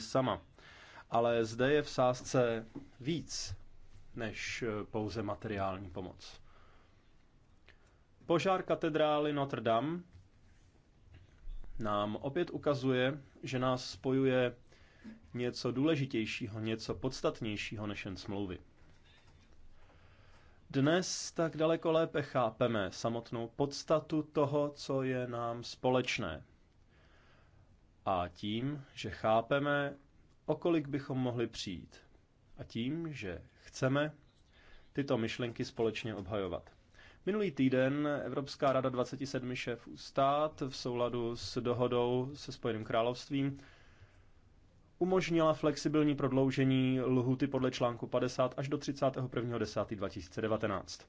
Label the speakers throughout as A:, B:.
A: sama. Ale zde je v sázce víc než eh, pouze materiální pomoc. Požár katedrály Notre Dame nám opět ukazuje, že nás spojuje něco důležitějšího, něco podstatnějšího než jen smlouvy. Dnes tak daleko lépe chápeme samotnou podstatu toho, co je nám společné a tím, že chápeme, o kolik bychom mohli přijít a tím, že chceme tyto myšlenky společně obhajovat. Minulý týden Evropská rada 27 šéfů stát v souladu s dohodou se Spojeným královstvím umožnila flexibilní prodloužení lhuty podle článku 50 až do 31.10.2019.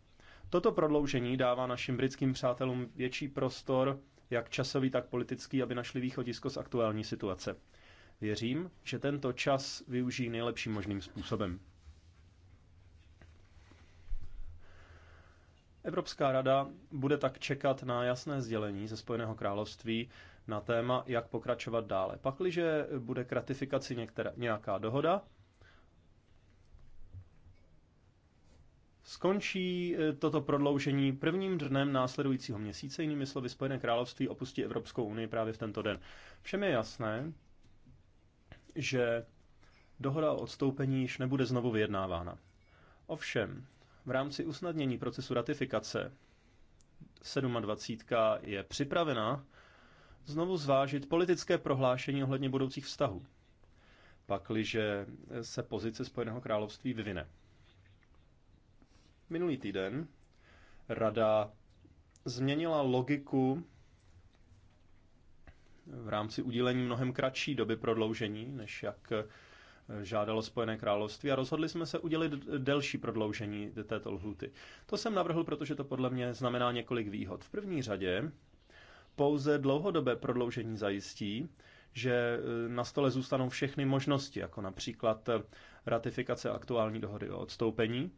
A: Toto prodloužení dává našim britským přátelům větší prostor jak časový, tak politický, aby našli východisko z aktuální situace. Věřím, že tento čas využijí nejlepším možným způsobem. Evropská rada bude tak čekat na jasné sdělení ze Spojeného království na téma, jak pokračovat dále. Pakliže bude k ratifikaci některá, nějaká dohoda, skončí e, toto prodloužení prvním dnem následujícího měsíce, jinými slovy Spojené království opustí Evropskou unii právě v tento den. Všem je jasné, že dohoda o odstoupení již nebude znovu vyjednávána. Ovšem, v rámci usnadnění procesu ratifikace 27. je připravena znovu zvážit politické prohlášení ohledně budoucích vztahů, pakliže se pozice Spojeného království vyvine. Minulý týden rada změnila logiku v rámci udílení mnohem kratší doby prodloužení, než jak eh, žádalo Spojené království a rozhodli jsme se udělit delší prodloužení této lhuty. To jsem navrhl, protože to podle mě znamená několik výhod. V první řadě pouze dlouhodobé prodloužení zajistí, že eh, na stole zůstanou všechny možnosti, jako například eh, ratifikace aktuální dohody o odstoupení,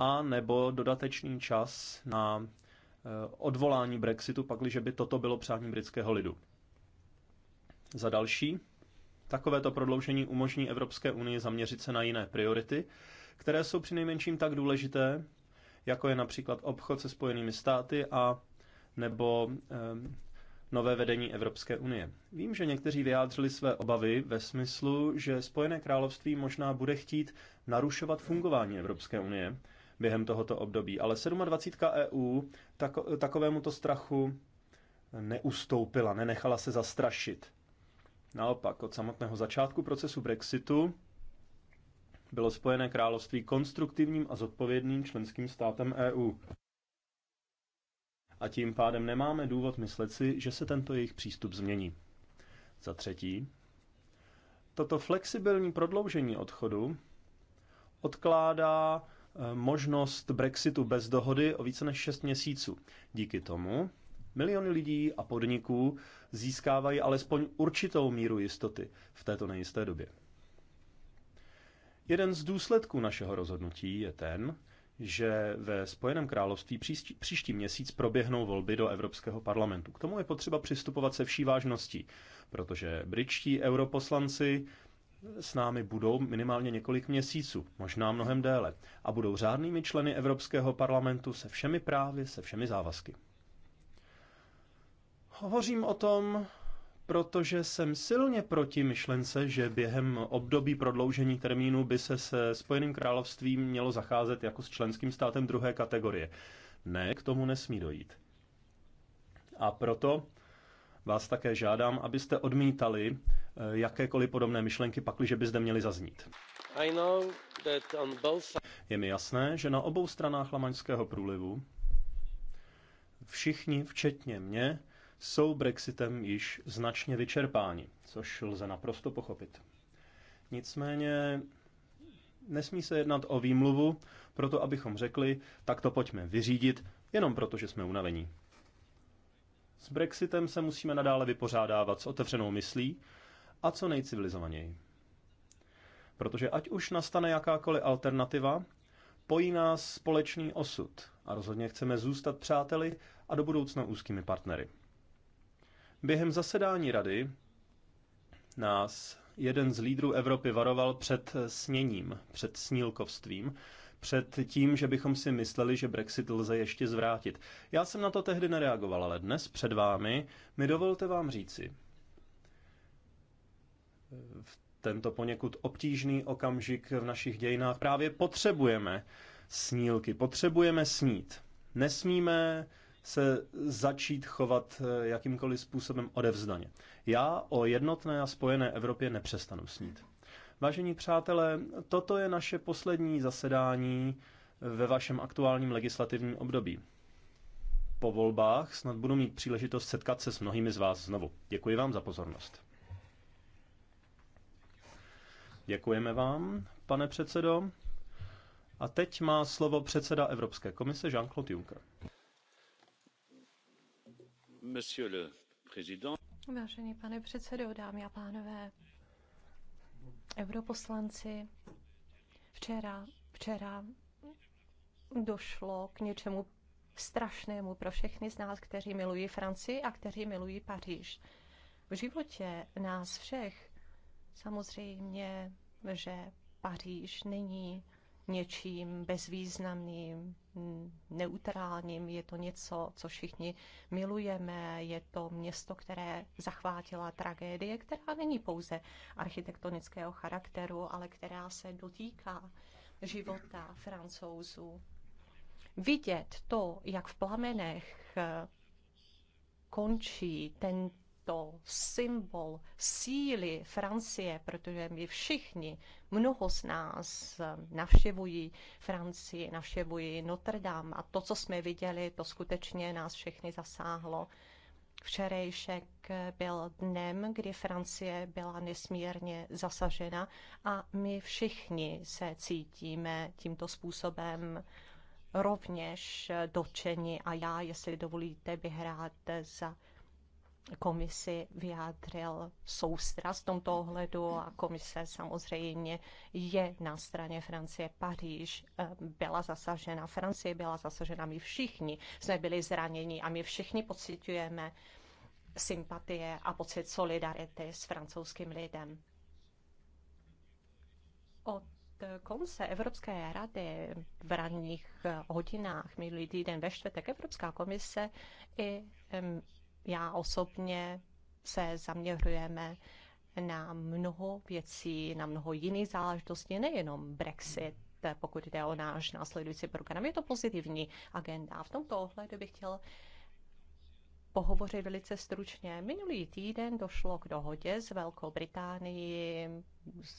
A: a nebo dodatečný čas na eh, odvolání Brexitu, pakliže by toto bylo přání britského lidu. Za další, takovéto prodloužení umožní Evropské unii zaměřit se na jiné priority, které jsou přinejmenším tak důležité, jako je například obchod se Spojenými státy a nebo eh, nové vedení Evropské unie. Vím, že někteří vyjádřili své obavy ve smyslu, že Spojené království možná bude chtít narušovat fungování Evropské unie, během tohoto období. Ale 27. EU tako, takovému to strachu neustoupila, nenechala se zastrašit. Naopak, od samotného začátku procesu Brexitu bylo Spojené království konstruktivním a zodpovědným členským státem EU. A tím pádem nemáme důvod myslet si, že se tento jejich přístup změní. Za třetí, toto flexibilní prodloužení odchodu odkládá možnost Brexitu bez dohody o více než 6 měsíců. Díky tomu miliony lidí a podniků získávají alespoň určitou míru jistoty v této nejisté době. Jeden z důsledků našeho rozhodnutí je ten, že ve Spojeném království příští, příští měsíc proběhnou volby do Evropského parlamentu. K tomu je potřeba přistupovat se vší vážností, protože britští europoslanci s námi budou minimálně několik měsíců, možná mnohem déle, a budou řádnými členy Evropského parlamentu se všemi právy, se všemi závazky. Hovořím o tom, protože jsem silně proti myšlence, že během období prodloužení termínu by se se Spojeným královstvím mělo zacházet jako s členským státem druhé kategorie. Ne, k tomu nesmí dojít. A proto vás také žádám, abyste odmítali eh, jakékoliv podobné myšlenky, že by zde měly zaznít. Je mi jasné, že na obou stranách Lamaňského průlivu všichni, včetně mě, jsou Brexitem již značně vyčerpáni, což lze naprosto pochopit. Nicméně nesmí se jednat o výmluvu, proto abychom řekli, tak to pojďme vyřídit, jenom proto, že jsme unavení. S Brexitem se musíme nadále vypořádávat s otevřenou myslí a co nejcivilizovaněji. Protože ať už nastane jakákoliv alternativa, pojí nás společný osud a rozhodně chceme zůstat přáteli a do budoucna úzkými partnery. Během zasedání rady nás jeden z lídrů Evropy varoval před sněním, před snílkovstvím před tím, že bychom si mysleli, že Brexit lze ještě zvrátit. Já jsem na to tehdy nereagoval, ale dnes před vámi mi dovolte vám říci. V tento poněkud obtížný okamžik v našich dějinách právě potřebujeme snílky, potřebujeme snít. Nesmíme se začít chovat eh, jakýmkoliv způsobem odevzdaně. Já o jednotné a spojené Evropě nepřestanu snít. Vážení přátelé, toto je naše poslední zasedání ve vašem aktuálním legislativním období. Po volbách snad budu mít příležitost setkat se s mnohými z vás znovu. Děkuji vám za pozornost. Děkujeme vám, pane předsedo. A teď má slovo předseda Evropské komise Jean-Claude Juncker.
B: Vážený pane předsedo, dámy a pánové, europoslanci. Včera, včera došlo k něčemu strašnému pro všechny z nás, kteří milují Francii a kteří milují Paříž. V životě nás všech samozřejmě, že Paříž není něčím bezvýznamným, neutrálním, je to něco, co všichni milujeme, je to město, které zachvátila tragédie, která není pouze architektonického charakteru, ale která se dotýká života francouzů. Vidět to, jak v plamenech eh, končí ten to symbol síly Francie, protože my všichni, mnoho z nás navštěvují Francii, navštěvují Notre Dame a to, co jsme viděli, to skutečně nás všechny zasáhlo. Včerejšek byl dnem, kdy Francie byla nesmírně zasažena a my všichni se cítíme tímto způsobem rovněž dočeni a já, jestli dovolíte, bych rád za komisi vyjádřil soustrast v tomto ohledu a komise samozřejmě je na straně Francie. Paříž eh, byla zasažena, Francie byla zasažena, my všichni jsme byli zraněni a my všichni pocitujeme sympatie a pocit solidarity s francouzským lidem. Od konce Evropské rady v ranních hodinách minulý týden ve čtvrtek Evropská komise i já osobně se zaměřujeme na mnoho věcí, na mnoho jiných záležitostí, nejenom Brexit, pokud jde o náš následující program. Je to pozitivní agenda. V tomto ohledu bych chtěl pohovořit velice stručně. Minulý týden došlo k dohodě s Velkou Británií,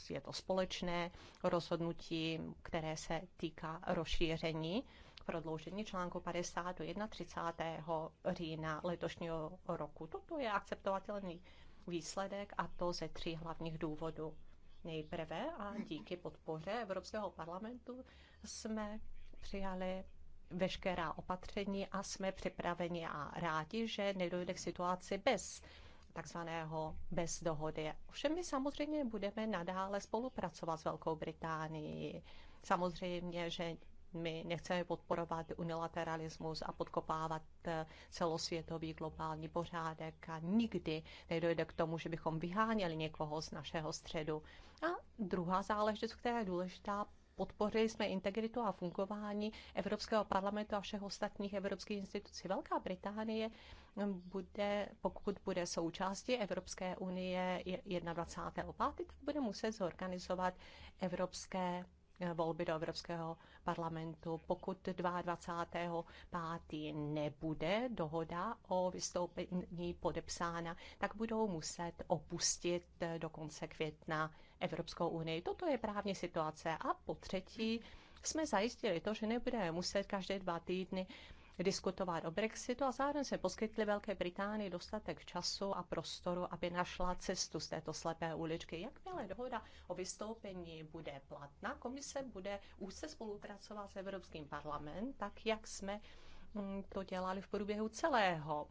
B: je to společné rozhodnutí, které se týká rozšíření prodloužení článku 50 do 31. října letošního roku. Toto je akceptovatelný výsledek a to ze tří hlavních důvodů. Nejprve a díky podpoře Evropského parlamentu jsme přijali veškerá opatření a jsme připraveni a rádi, že nedojde k situaci bez takzvaného bez dohody. Ovšem my samozřejmě budeme nadále spolupracovat s Velkou Británií. Samozřejmě, že my nechceme podporovat unilateralismus a podkopávat eh, celosvětový globální pořádek a nikdy nedojde k tomu, že bychom vyháněli někoho z našeho středu. A druhá záležitost, která je důležitá, podpořili jsme integritu a fungování Evropského parlamentu a všech ostatních evropských institucí. Velká Británie mm, bude, pokud bude součástí Evropské unie 21. 5., tak bude muset zorganizovat evropské volby do Evropského parlamentu, pokud 22.5. nebude dohoda o vystoupení podepsána, tak budou muset opustit do konce května Evropskou unii. Toto je právní situace. A po třetí jsme zajistili to, že nebudeme muset každé dva týdny diskutovat o Brexitu a zároveň jsme poskytli Velké Británii dostatek času a prostoru, aby našla cestu z této slepé uličky. Jakmile dohoda o vystoupení bude platná, komise bude úzce spolupracovat s Evropským parlamentem, tak jak jsme mm, to dělali v průběhu celého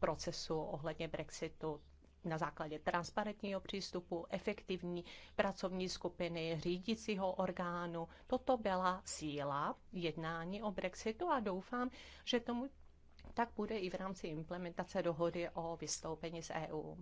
B: procesu ohledně Brexitu na základě transparentního přístupu, efektivní pracovní skupiny, řídícího orgánu. Toto byla síla jednání o Brexitu a doufám, že tomu tak bude i v rámci implementace dohody o vystoupení z EU.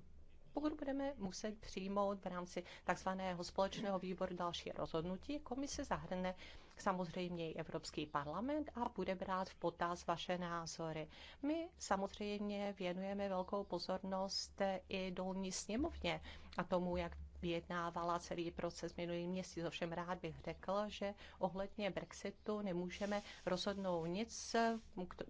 B: Pokud budeme muset přijmout v rámci tzv. společného výboru další rozhodnutí, komise zahrne samozřejmě i Evropský parlament a bude brát v potaz vaše názory. My samozřejmě věnujeme velkou pozornost i dolní sněmovně a tomu, jak vyjednávala celý proces minulý měsíc. Ovšem rád bych řekl, že ohledně Brexitu nemůžeme rozhodnout nic,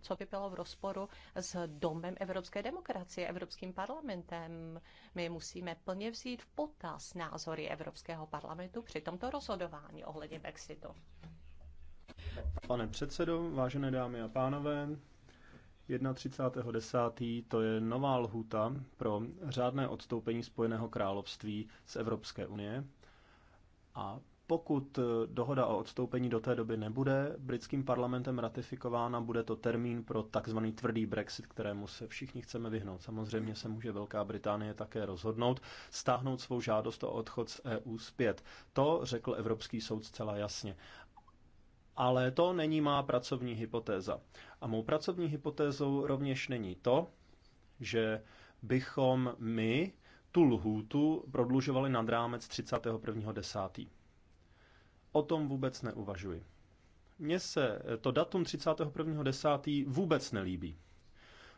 B: co by bylo v rozporu s domem evropské demokracie, Evropským parlamentem. My musíme plně vzít v potaz názory Evropského parlamentu při tomto rozhodování ohledně Brexitu.
A: Pane předsedo, vážené dámy a pánové, 31.10. to je nová lhůta pro řádné odstoupení Spojeného království z Evropské unie. A pokud dohoda o odstoupení do té doby nebude britským parlamentem ratifikována, bude to termín pro takzvaný tvrdý Brexit, kterému se všichni chceme vyhnout. Samozřejmě se může Velká Británie také rozhodnout stáhnout svou žádost o odchod z EU zpět. To řekl Evropský soud zcela jasně ale to není má pracovní hypotéza. A mou pracovní hypotézou rovněž není to, že bychom my tu lhůtu prodlužovali nad rámec 31.10. O tom vůbec neuvažuji. Mně se to datum 31.10. vůbec nelíbí,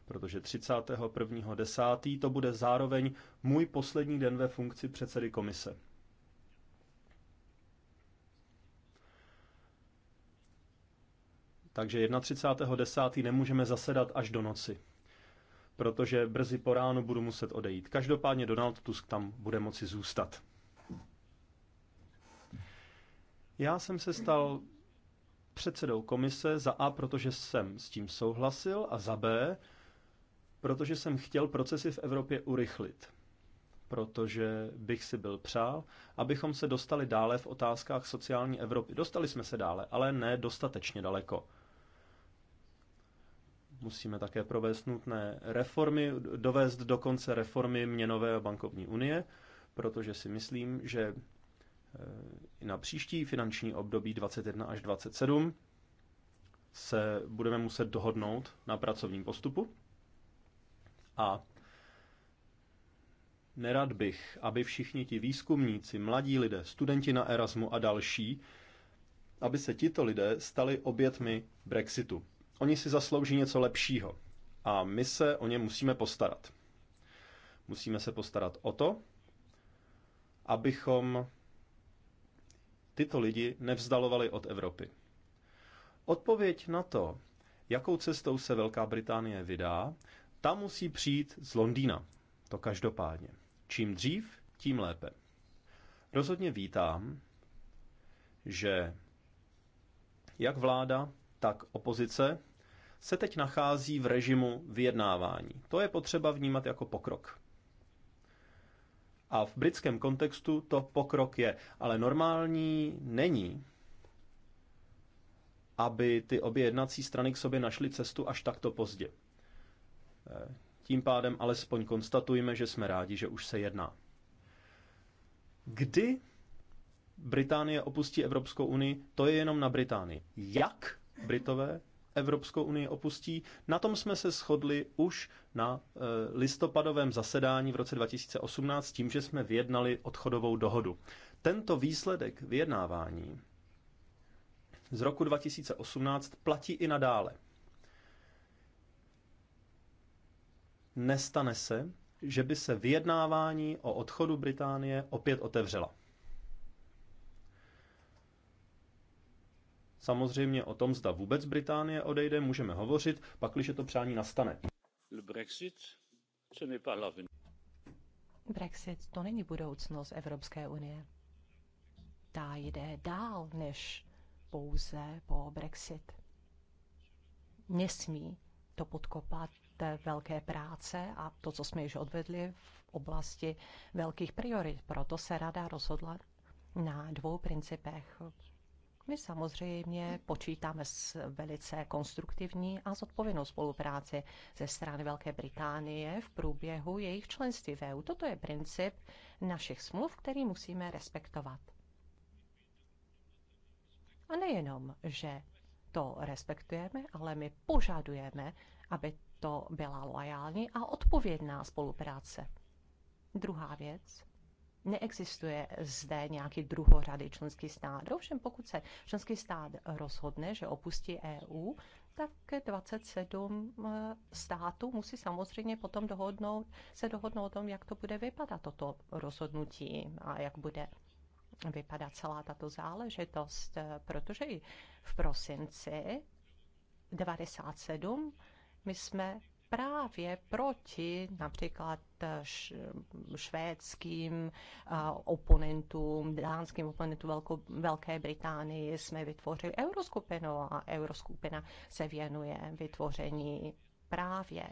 A: protože 31.10. to bude zároveň můj poslední den ve funkci předsedy komise. Takže 31.10. nemůžeme zasedat až do noci, protože brzy po ránu budu muset odejít. Každopádně Donald Tusk tam bude moci zůstat. Já jsem se stal předsedou komise za A, protože jsem s tím souhlasil, a za B, protože jsem chtěl procesy v Evropě urychlit. Protože bych si byl přál, abychom se dostali dále v otázkách sociální Evropy. Dostali jsme se dále, ale ne dostatečně daleko. Musíme také provést nutné reformy, dovést do konce reformy měnové a bankovní unie, protože si myslím, že eh, na příští finanční období 21 až 27 se budeme muset dohodnout na pracovním postupu a nerad bych, aby všichni ti výzkumníci, mladí lidé, studenti na Erasmu a další, aby se tito lidé stali obětmi Brexitu. Oni si zaslouží něco lepšího a my se o ně musíme postarat. Musíme se postarat o to, abychom tyto lidi nevzdalovali od Evropy. Odpověď na to, jakou cestou se Velká Británie vydá, ta musí přijít z Londýna. To každopádně. Čím dřív, tím lépe. Rozhodně vítám, že jak vláda, tak opozice se teď nachází v režimu vyjednávání. To je potřeba vnímat jako pokrok. A v britském kontextu to pokrok je, ale normální není, aby ty obě jednací strany k sobě našly cestu až takto pozdě. Eh, tím pádem alespoň konstatujeme, že jsme rádi, že už se jedná. Kdy Británie opustí Evropskou unii, to je jenom na Británii. Jak Britové Evropskou unii opustí. Na tom jsme se shodli už na eh, listopadovém zasedání v roce 2018 tím, že jsme vyjednali odchodovou dohodu. Tento výsledek vyjednávání z roku 2018 platí i nadále. Nestane se, že by se vyjednávání o odchodu Británie opět otevřela. Samozřejmě o tom, zda vůbec Británie odejde, můžeme hovořit, pakliže to přání nastane. Brexit,
B: Brexit to není budoucnost Evropské unie. Ta jde dál než pouze po Brexit. Nesmí to podkopat velké práce a to, co jsme již odvedli v oblasti velkých priorit. Proto se rada rozhodla na dvou principech my samozřejmě počítáme s velice konstruktivní a zodpovědnou spolupráci ze strany Velké Británie v průběhu jejich členství v EU. Toto je princip našich smluv, který musíme respektovat. A nejenom, že to respektujeme, ale my požadujeme, aby to byla loajální a odpovědná spolupráce. Druhá věc, Neexistuje zde nějaký druhořady členský stát. Ovšem, pokud se členský stát rozhodne, že opustí EU, tak 27 eh, států musí samozřejmě potom dohodnout, se dohodnout o tom, jak to bude vypadat toto rozhodnutí a jak bude vypadat celá tato záležitost, eh, protože i v prosinci 97 my jsme právě proti například eh, švédským eh, oponentům, dánským oponentům Velko, Velké Británii jsme vytvořili euroskupinu a euroskupina se věnuje vytvoření právě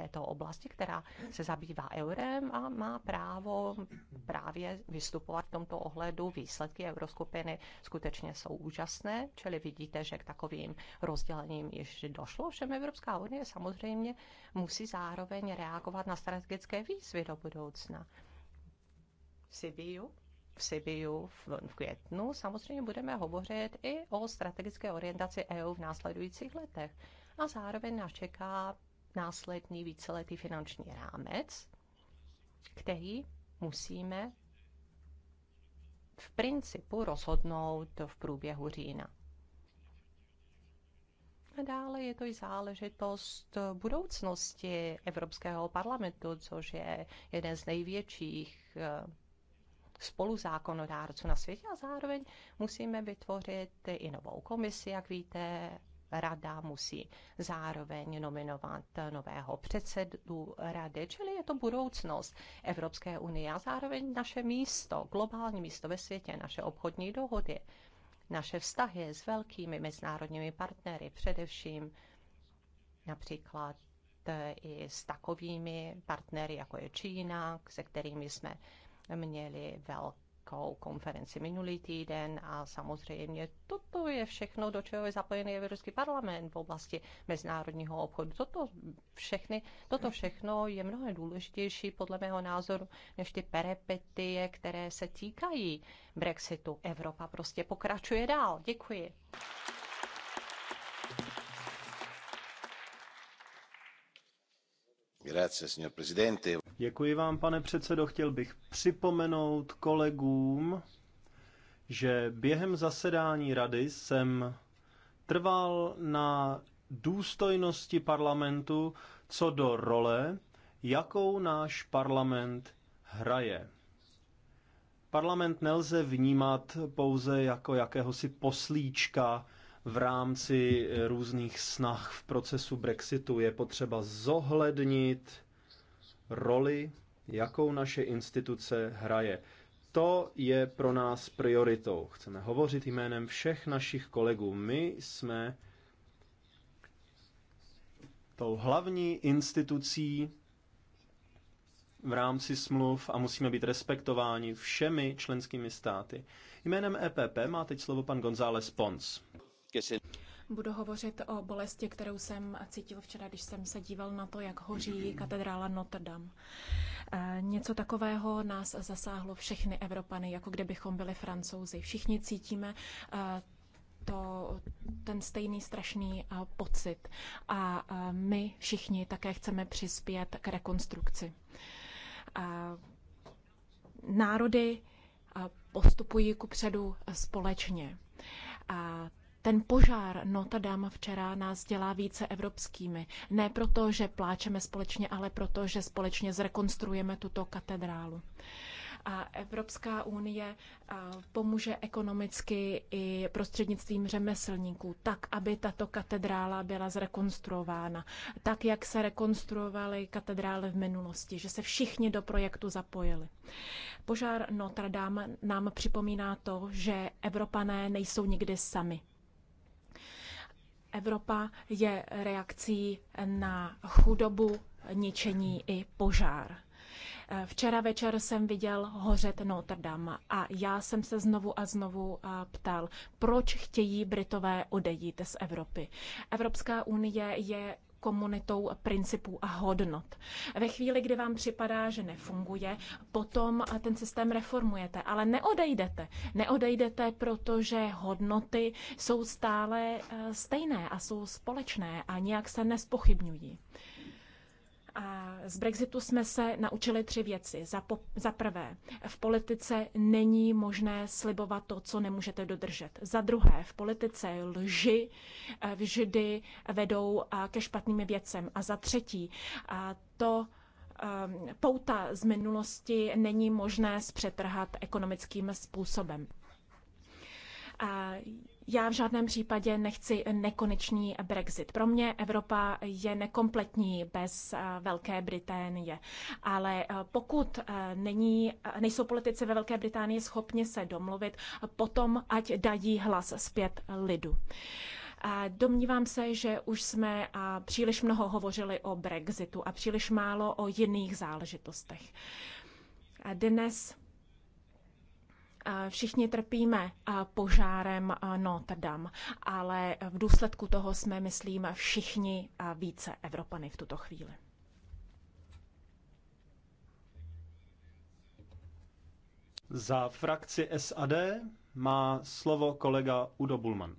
B: této oblasti, která se zabývá eurem a má právo právě vystupovat v tomto ohledu. Výsledky euroskupiny skutečně jsou úžasné, čili vidíte, že k takovým rozdělením již došlo. Všem Evropská unie samozřejmě musí zároveň reagovat na strategické výzvy do budoucna. Sibiu v Sibiu v květnu. Samozřejmě budeme hovořit i o strategické orientaci EU v následujících letech. A zároveň nás čeká následný víceletý finanční rámec, který musíme v principu rozhodnout v průběhu října. A dále je to i záležitost budoucnosti Evropského parlamentu, což je jeden z největších eh, spoluzákonodárců na světě a zároveň musíme vytvořit i novou komisi, jak víte, rada musí zároveň nominovat nového předsedu rady, čili je to budoucnost Evropské unie a zároveň naše místo, globální místo ve světě, naše obchodní dohody, naše vztahy s velkými mezinárodními partnery, především například eh, i s takovými partnery, jako je Čína, se kterými jsme měli velké velikou konferenci minulý týden a samozřejmě toto je všechno, do čeho je zapojený Evropský parlament v oblasti mezinárodního obchodu. Toto, všechny, toto všechno je mnohem důležitější podle mého názoru než ty perepetie, které se týkají Brexitu. Evropa prostě pokračuje dál. Děkuji. Grazie, signor Presidente.
A: Děkuji vám, pane předsedo. Chtěl bych připomenout kolegům, že během zasedání rady jsem trval na důstojnosti parlamentu co do role, jakou náš parlament hraje. Parlament nelze vnímat pouze jako jakéhosi poslíčka v rámci různých snah v procesu Brexitu. Je potřeba zohlednit roli, jakou naše instituce hraje. To je pro nás prioritou. Chceme hovořit jménem všech našich kolegů. My jsme tou hlavní institucí v rámci smluv a musíme být respektováni všemi členskými státy. Jménem EPP má teď slovo pan González Pons.
C: Budu hovořit o bolesti, kterou jsem cítil včera, když jsem se díval na to, jak hoří katedrála Notre Dame. E, něco takového nás zasáhlo všechny Evropany, jako kdybychom byli francouzi. Všichni cítíme e, to, ten stejný strašný e, pocit a my všichni také chceme přispět k rekonstrukci. Národy postupují ku předu společně. A ten požár ta dáma včera nás dělá více evropskými. Ne proto, že pláčeme společně, ale proto, že společně zrekonstruujeme tuto katedrálu. A Evropská unie pomůže ekonomicky i prostřednictvím řemeslníků, tak, aby tato katedrála byla zrekonstruována. Tak, jak se rekonstruovaly katedrály v minulosti, že se všichni do projektu zapojili. Požár Notre Dame nám připomíná to, že Evropané nejsou nikdy sami. Evropa je reakcí na chudobu, ničení i požár. Včera večer jsem viděl hořet Notre Dame a já jsem se znovu a znovu ptal, proč chtějí Britové odejít z Evropy. Evropská unie je komunitou principů a hodnot. Ve chvíli, kdy vám připadá, že nefunguje, potom ten systém reformujete, ale neodejdete. Neodejdete, protože hodnoty jsou stále eh, stejné a jsou společné a nijak se nespochybňují. Z Brexitu jsme se naučili tři věci. Za, po, za prvé, v politice není možné slibovat to, co nemůžete dodržet. Za druhé, v politice lži eh, vždy vedou eh, ke špatným věcem. A za třetí, eh, to ehm, pouta z minulosti není možné zpřetrhat ekonomickým způsobem. A já v žádném případě nechci nekonečný Brexit. Pro mě Evropa je nekompletní bez eh, Velké Británie. Ale eh, pokud eh, není, nejsou politici ve Velké Británii schopni se domluvit, potom ať dají hlas zpět lidu. A domnívám se, že už jsme a příliš mnoho hovořili o Brexitu a příliš málo o jiných záležitostech. A dnes Všichni trpíme požárem Notre Dame, ale v důsledku toho jsme, myslím, všichni více Evropany v tuto chvíli.
A: Za frakci SAD má slovo kolega Udo Bulman.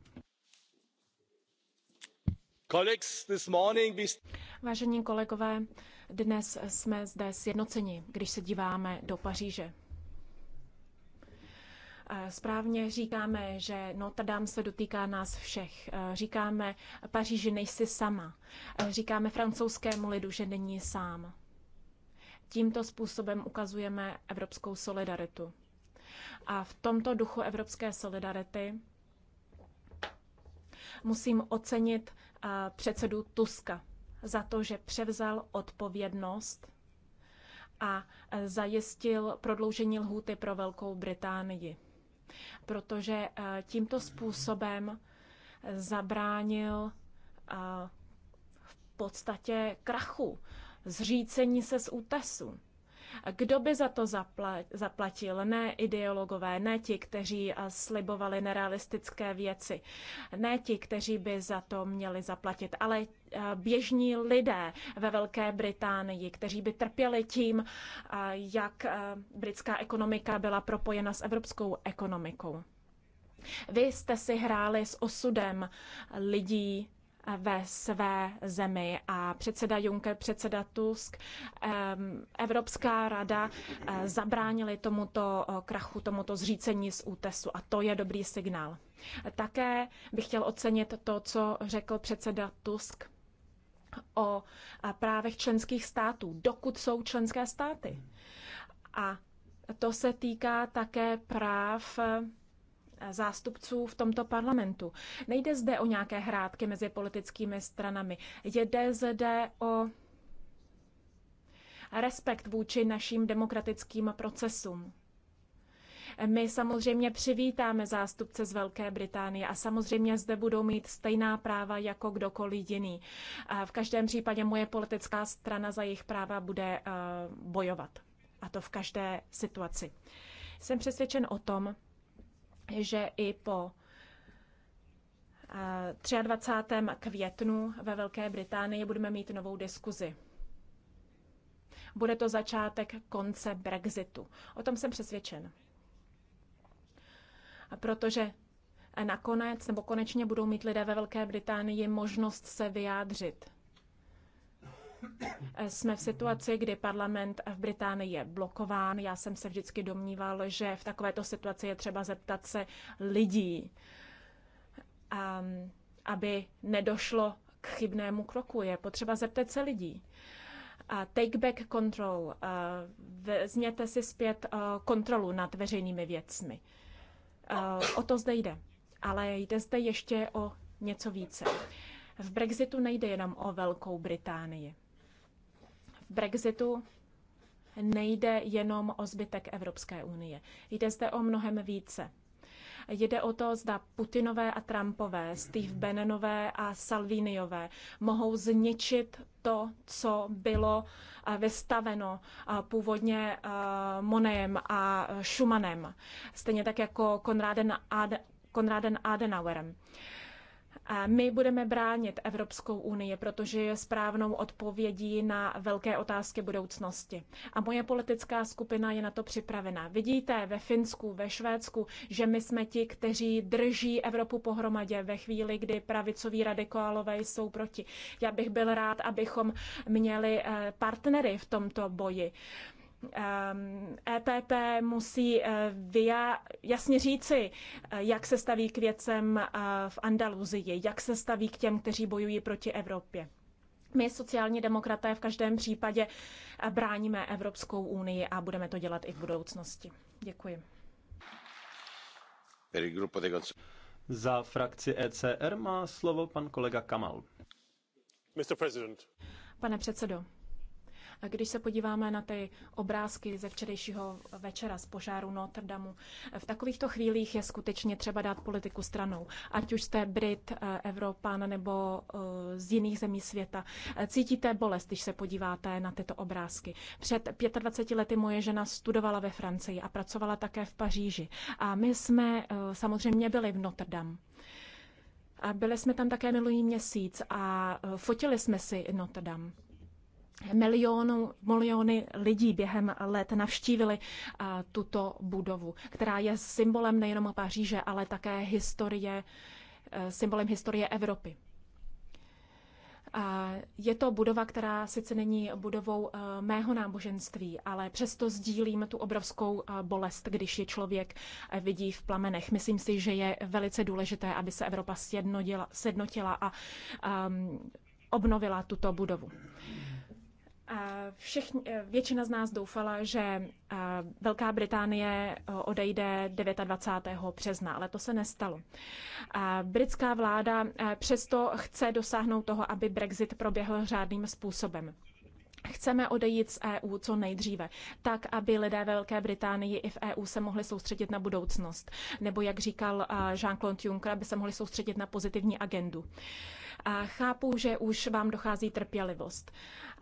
C: Vážení kolegové, dnes jsme zde sjednoceni, když se díváme do Paříže. Správně říkáme, že Notre Dame se dotýká nás všech. Říkáme Paříži nejsi sama. Říkáme francouzskému lidu, že není sám. Tímto způsobem ukazujeme evropskou solidaritu. A v tomto duchu evropské solidarity musím ocenit předsedu Tuska za to, že převzal odpovědnost a zajistil prodloužení lhůty pro Velkou Británii protože eh, tímto způsobem eh, zabránil eh, v podstatě krachu, zřícení se z útesu. Kdo by za to zaplatil? Ne ideologové, ne ti, kteří slibovali nerealistické věci, ne ti, kteří by za to měli zaplatit, ale běžní lidé ve Velké Británii, kteří by trpěli tím, jak britská ekonomika byla propojena s evropskou ekonomikou. Vy jste si hráli s osudem lidí ve své zemi a předseda Juncker, předseda Tusk, Evropská rada eh, zabránili tomuto eh, krachu, tomuto zřícení z útesu a to je dobrý signál. Také bych chtěl ocenit to, co řekl předseda Tusk o eh, právech členských států, dokud jsou členské státy. A to se týká také práv zástupců v tomto parlamentu. Nejde zde o nějaké hrátky mezi politickými stranami. Jde zde o respekt vůči našim demokratickým procesům. My samozřejmě přivítáme zástupce z Velké Británie a samozřejmě zde budou mít stejná práva jako kdokoliv jiný. V každém případě moje politická strana za jejich práva bude eh, bojovat. A to v každé situaci. Jsem přesvědčen o tom, že i po 23. Eh, květnu ve Velké Británii budeme mít novou diskuzi. Bude to začátek konce Brexitu. O tom jsem přesvědčen. Protože nakonec nebo konečně budou mít lidé ve Velké Británii možnost se vyjádřit jsme v situaci, kdy parlament v Británii je blokován. Já jsem se vždycky domníval, že v takovéto situaci je třeba zeptat se lidí, ehm, aby nedošlo k chybnému kroku. Je potřeba zeptat se lidí. Take back control. Eh, vezměte si zpět eh, kontrolu nad veřejnými věcmi. Eh, o to zde jde. Ale jde zde ještě o něco více. V Brexitu nejde jenom o Velkou Británii. Brexitu nejde jenom o zbytek Evropské unie. Jde zde o mnohem více. Jde o to, zda Putinové a Trumpové, Steve Bannonové a Salviniové mohou zničit to, co bylo eh, vystaveno eh, původně eh, Monem a Schumannem, stejně tak jako Konraden Adenauerem. My budeme bránit Evropskou unii, protože je správnou odpovědí na velké otázky budoucnosti. A moje politická skupina je na to připravena. Vidíte ve Finsku, ve Švédsku, že my jsme ti, kteří drží Evropu pohromadě ve chvíli, kdy pravicoví radikálové jsou proti. Já bych byl rád, abychom měli eh, partnery v tomto boji. EPP ehm, e musí eh, jasně říci, eh, jak se staví k věcem eh, v Andaluzii, jak se staví k těm, kteří bojují proti Evropě. My, sociální demokraté, v každém případě bráníme Evropskou unii a budeme to dělat i v budoucnosti. Děkuji.
A: Za frakci ECR má slovo pan kolega Kamal.
C: Pane předsedo, a když se podíváme na ty obrázky ze včerejšího večera z požáru Notre Dame, v takovýchto chvílích je skutečně třeba dát politiku stranou. Ať už jste Brit, eh, Evropan nebo eh, z jiných zemí světa, eh, cítíte bolest, když se podíváte na tyto obrázky. Před 25 lety moje žena studovala ve Francii a pracovala také v Paříži. A my jsme samozřejmě byli v Notre Dame. A byli jsme tam také minulý měsíc a fotili jsme si Notre Dame milionu, miliony lidí během let navštívili tuto budovu, která je symbolem nejenom Paříže, ale také historie, e, symbolem historie Evropy. Je to budova, která sice není budovou e, mého náboženství, ale přesto sdílím tu obrovskou e, bolest, když je člověk vidí v plamenech. Myslím si, že je velice důležité, aby se Evropa sjednotila a obnovila tuto budovu. Eh, většina z nás doufala, že eh, Velká Británie eh, odejde 29. března, ale to se nestalo. Britská vláda přesto chce dosáhnout toho, aby Brexit proběhl řádným způsobem. Chceme odejít z EU co nejdříve, tak aby lidé ve Velké Británii i v EU se mohli soustředit na budoucnost, nebo jak říkal Jean-Claude Juncker, aby se mohli soustředit na pozitivní agendu. A chápu, že už vám dochází trpělivost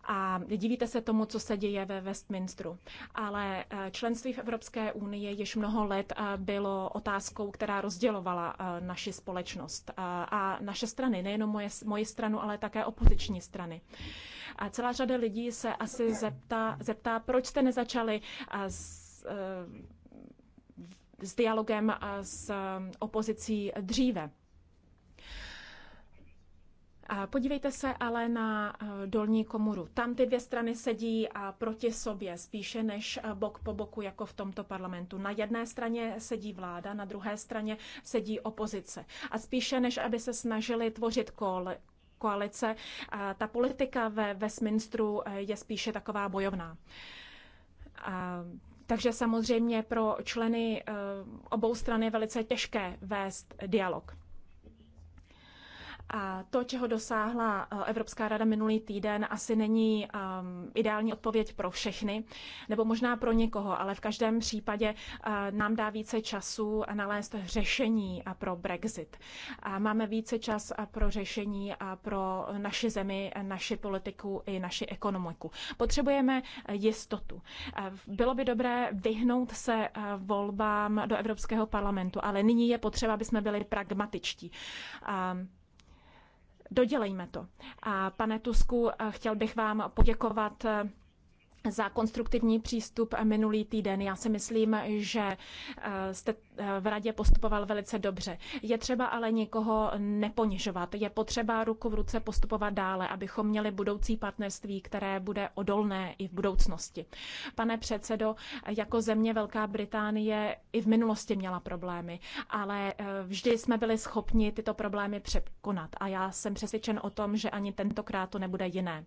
C: a divíte se tomu, co se děje ve Westminsteru. Ale eh, členství v Evropské unii již mnoho let eh, bylo otázkou, která rozdělovala eh, naši společnost a naše strany, nejenom moje, moji stranu, ale také opoziční strany. A celá řada lidí se asi zeptá, zeptá proč jste nezačali s, s dialogem s opozicí dříve. Podívejte se ale na eh, dolní komoru. Tam ty dvě strany sedí a proti sobě, spíše než eh, bok po boku, jako v tomto parlamentu. Na jedné straně sedí vláda, na druhé straně sedí opozice. A spíše než aby se snažili tvořit kole, koalice, eh, ta politika ve Westminsteru je spíše taková bojovná. A takže samozřejmě pro členy obou strany je velice těžké vést dialog. A to, čeho dosáhla eh, Evropská rada minulý týden, asi není um, ideální odpověď pro všechny, nebo možná pro někoho, ale v každém případě uh, nám dá více času nalézt řešení eh, pro Brexit. A máme více čas pro řešení a pro naši zemi, naši politiku i naši ekonomiku. Potřebujeme jistotu. Bylo by dobré vyhnout se volbám do Evropského parlamentu, ale nyní je potřeba, aby jsme byli pragmatičtí. Um, Dodělejme to. A pane Tusku, chtěl bych vám poděkovat za konstruktivní přístup minulý týden. Já si myslím, že eh, jste eh, v radě postupoval velice dobře. Je třeba ale nikoho neponižovat. Je potřeba ruku v ruce postupovat dále, abychom měli budoucí partnerství, které bude odolné i v budoucnosti. Pane předsedo, jako země Velká Británie i v minulosti měla problémy, ale eh, vždy jsme byli schopni tyto problémy překonat a já jsem přesvědčen o tom, že ani tentokrát to nebude jiné.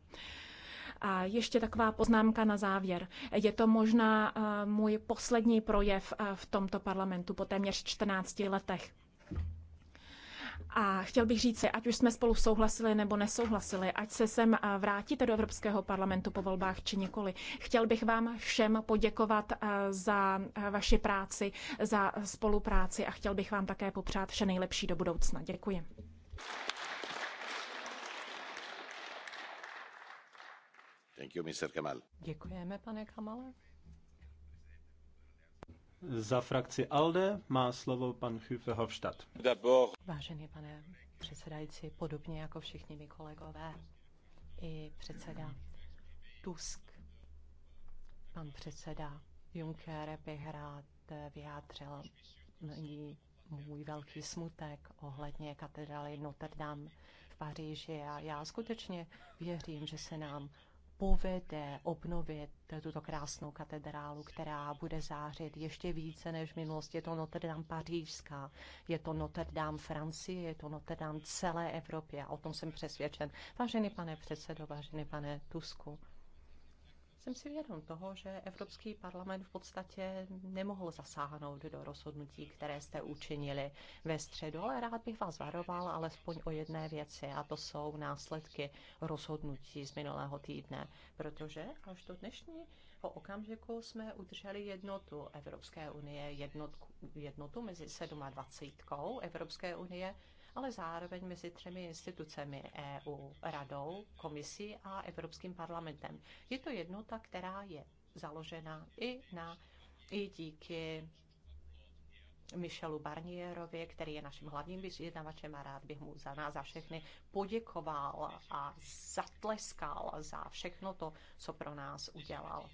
C: A ještě taková poznámka na závěr. Je to možná eh, můj poslední projev eh, v tomto parlamentu po téměř 14 letech. A chtěl bych říct, ať už jsme spolu souhlasili nebo nesouhlasili, ať se sem eh, vrátíte do Evropského parlamentu po volbách či nikoli, chtěl bych vám všem poděkovat za vaši práci, za spolupráci a chtěl bych vám také popřát vše nejlepší do budoucna. Děkuji.
A: Thank
B: you, Mr. Kamal. Děkujeme, pane Kamale.
A: Za frakci ALDE má slovo pan Hüfe Hofstadt.
B: Vážený pane předsedající, podobně jako všichni mi kolegové, i předseda Tusk, pan předseda Juncker bych rád vyjádřil můj velký smutek ohledně katedrály Notre Dame v Paříži a já skutečně věřím, že se nám povede obnovit tuto krásnou katedrálu, která bude zářit ještě více než v minulosti. Je to Notre Dame pařížská, je to Notre Dame Francie, je to Notre Dame celé Evropě a o tom jsem přesvědčen. Vážený pane předsedo, vážený pane Tusku, jsem si vědom toho, že Evropský parlament v podstatě nemohl zasáhnout do rozhodnutí, které jste učinili ve středu, ale rád bych vás varoval alespoň o jedné věci, a to jsou následky rozhodnutí z minulého týdne, protože až do dnešní po okamžiku jsme udrželi jednotu Evropské unie, jednotku, jednotu mezi 27. Evropské unie ale zároveň mezi třemi institucemi EU, radou, komisí a Evropským parlamentem. Je to jednota, která je založena i, na, i díky Michelu Barnierovi, který je naším hlavním vyjednavačem a rád bych mu za nás za všechny poděkoval a zatleskal za všechno to, co pro nás udělal.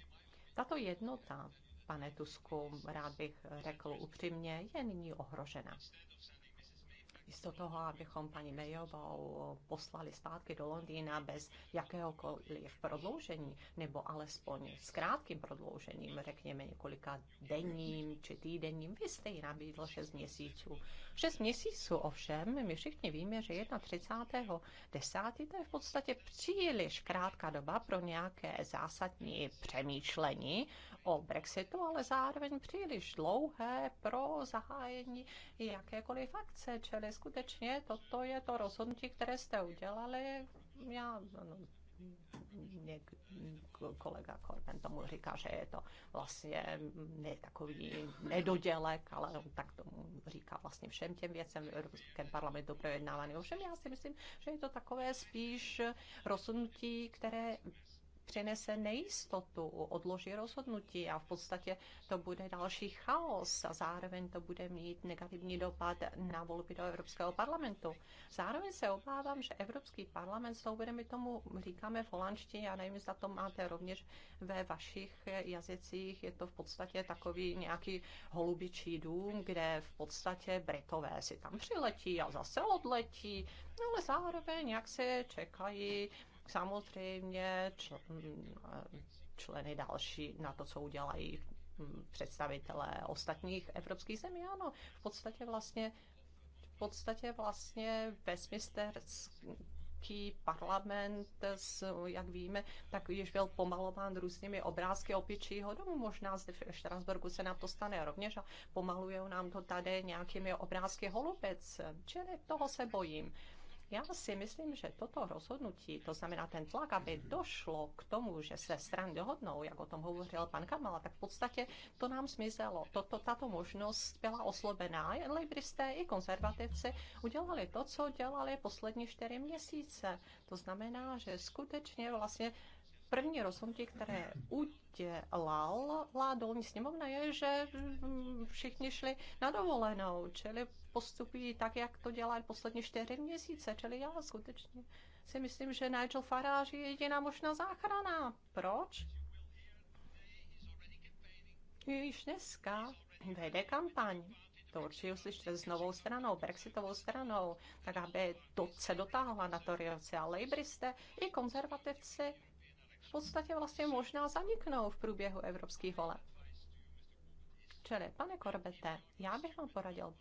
B: Tato jednota, pane Tusku, rád bych řekl upřímně, je nyní ohrožena místo toho, abychom paní Mejovou poslali zpátky do Londýna bez jakéhokoliv prodloužení, nebo alespoň s krátkým prodloužením, řekněme několika denním či týdenním, vy jste ji nabídl 6 měsíců. 6 měsíců ovšem, my všichni víme, že 31.10. to je v podstatě příliš krátká doba pro nějaké zásadní přemýšlení o Brexitu, ale zároveň příliš dlouhé pro zahájení jakékoliv akce. Čili skutečně toto je to rozhodnutí, které jste udělali. Já no, něk, kolega Korben tomu říká, že je to vlastně ne takový nedodělek, ale on tak tomu říká vlastně všem těm věcem v Evropském parlamentu projednávaný. Ovšem já si myslím, že je to takové spíš rozhodnutí, které přinese nejistotu, odloží rozhodnutí a v podstatě to bude další chaos a zároveň to bude mít negativní dopad na volby do Evropského parlamentu. Zároveň se obávám, že Evropský parlament, s tou my tomu říkáme v holandštině, já nevím, zda to máte rovněž ve vašich jazycích, je to v podstatě takový nějaký holubičí dům, kde v podstatě Britové si tam přiletí a zase odletí, ale zároveň jak se čekají samozřejmě čl- mm, členy další na to, co udělají mm, představitelé ostatních evropských zemí. Ano, v podstatě vlastně v podstatě vlastně Westminsterský parlament, jak víme, tak již byl pomalován různými obrázky opičího domu. Možná zde v Štrasburgu se nám to stane rovněž a pomalují nám to tady nějakými obrázky holubec, Čili toho se bojím. Já si myslím, že toto rozhodnutí, to znamená ten tlak, aby došlo k tomu, že se strany dohodnou, jak o tom hovořil pan Kamala, tak v podstatě to nám zmizelo. Toto, tato možnost byla oslobená. Libristé i konzervativci udělali to, co dělali poslední čtyři měsíce. To znamená, že skutečně vlastně první rozhodnutí, které udělala dolní sněmovna, je, že všichni šli na dovolenou, čili postupují tak, jak to dělají poslední čtyři měsíce. Čili já skutečně si myslím, že Nigel Farage je jediná možná záchrana. Proč? Již dneska vede kampaň to určitě uslyšte s novou stranou, brexitovou stranou, tak aby to se dotáhla na Toryovce a lejbriste i konzervativci v podstatě vlastně možná zaniknou v průběhu evropských voleb. Čili, pane Korbete, já bych vám poradil,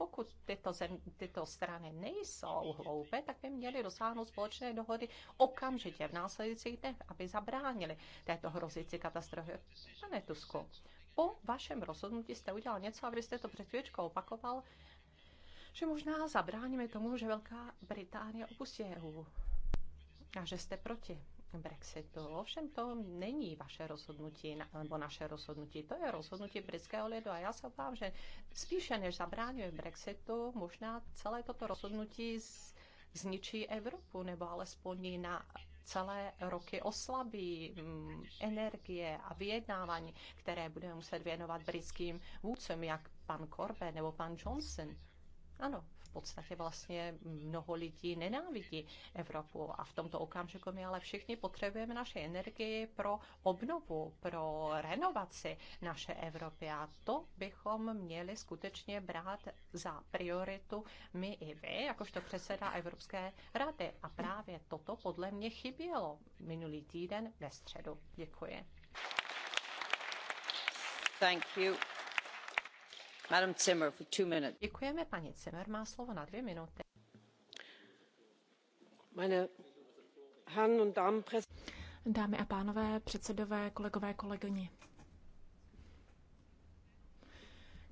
B: pokud tyto, zem, tyto strany nejsou hloupé, tak by měly dosáhnout společné dohody okamžitě v následujících dnech, aby zabránili této hrozící katastrofy. Pane Tusku, po vašem rozhodnutí jste udělal něco a vy jste to před chvíličkou opakoval, že možná zabráníme tomu, že Velká Británie opustí EU a že jste proti. Brexitu. Ovšem to není vaše rozhodnutí nebo naše rozhodnutí, to je rozhodnutí britského lidu a já se obávám, že spíše než zabráňuje Brexitu, možná celé toto rozhodnutí zničí Evropu nebo alespoň na celé roky oslabí mm, energie a vyjednávání, které budeme muset věnovat britským vůdcem, jak pan Corbyn nebo pan Johnson. Ano, podstatě vlastně mnoho lidí nenávidí Evropu a v tomto okamžiku my ale všichni potřebujeme naše energii pro obnovu, pro renovaci naše Evropy a to bychom měli skutečně brát za prioritu my i vy, jakožto předseda Evropské rady. A právě toto podle mě chybělo minulý týden ve středu. Děkuji. Thank you.
C: Děkujeme, paní má slovo na dvě minuty. Dámy a pánové, předsedové, kolegové, kolegyně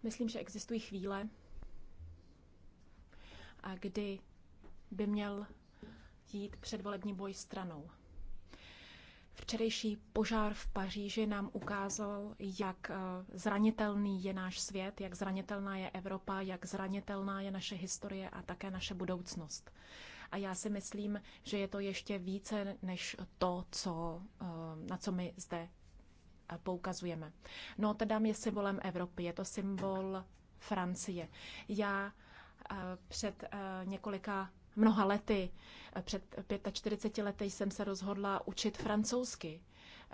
C: Myslím, že existují chvíle, a kdy by měl jít předvolební boj stranou. Včerejší požár v Paříži nám ukázal, jak eh, zranitelný je náš svět, jak zranitelná je Evropa, jak zranitelná je naše historie a také naše budoucnost. A já si myslím, že je to ještě více než to, co, eh, na co my zde eh, poukazujeme. No, teda je symbolem Evropy, je to symbol Francie. Já před několika mnoha lety, před 45 lety jsem se rozhodla učit francouzsky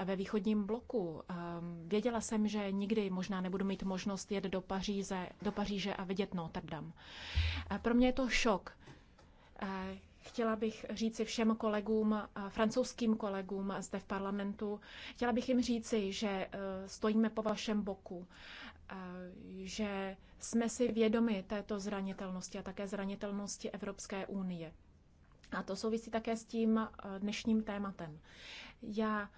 C: ve východním bloku. Ehm, věděla jsem, že nikdy možná nebudu mít možnost jet do Paříze, do Paříže a vidět Notre Dame. Eh, pro mě je to šok. Eh, chtěla bych říci všem kolegům, eh, francouzským kolegům zde v parlamentu, chtěla bych jim říci, že stojíme po vašem boku že jsme si vědomi této zranitelnosti a také zranitelnosti Evropské unie. A to souvisí také s tím dnešním tématem. Já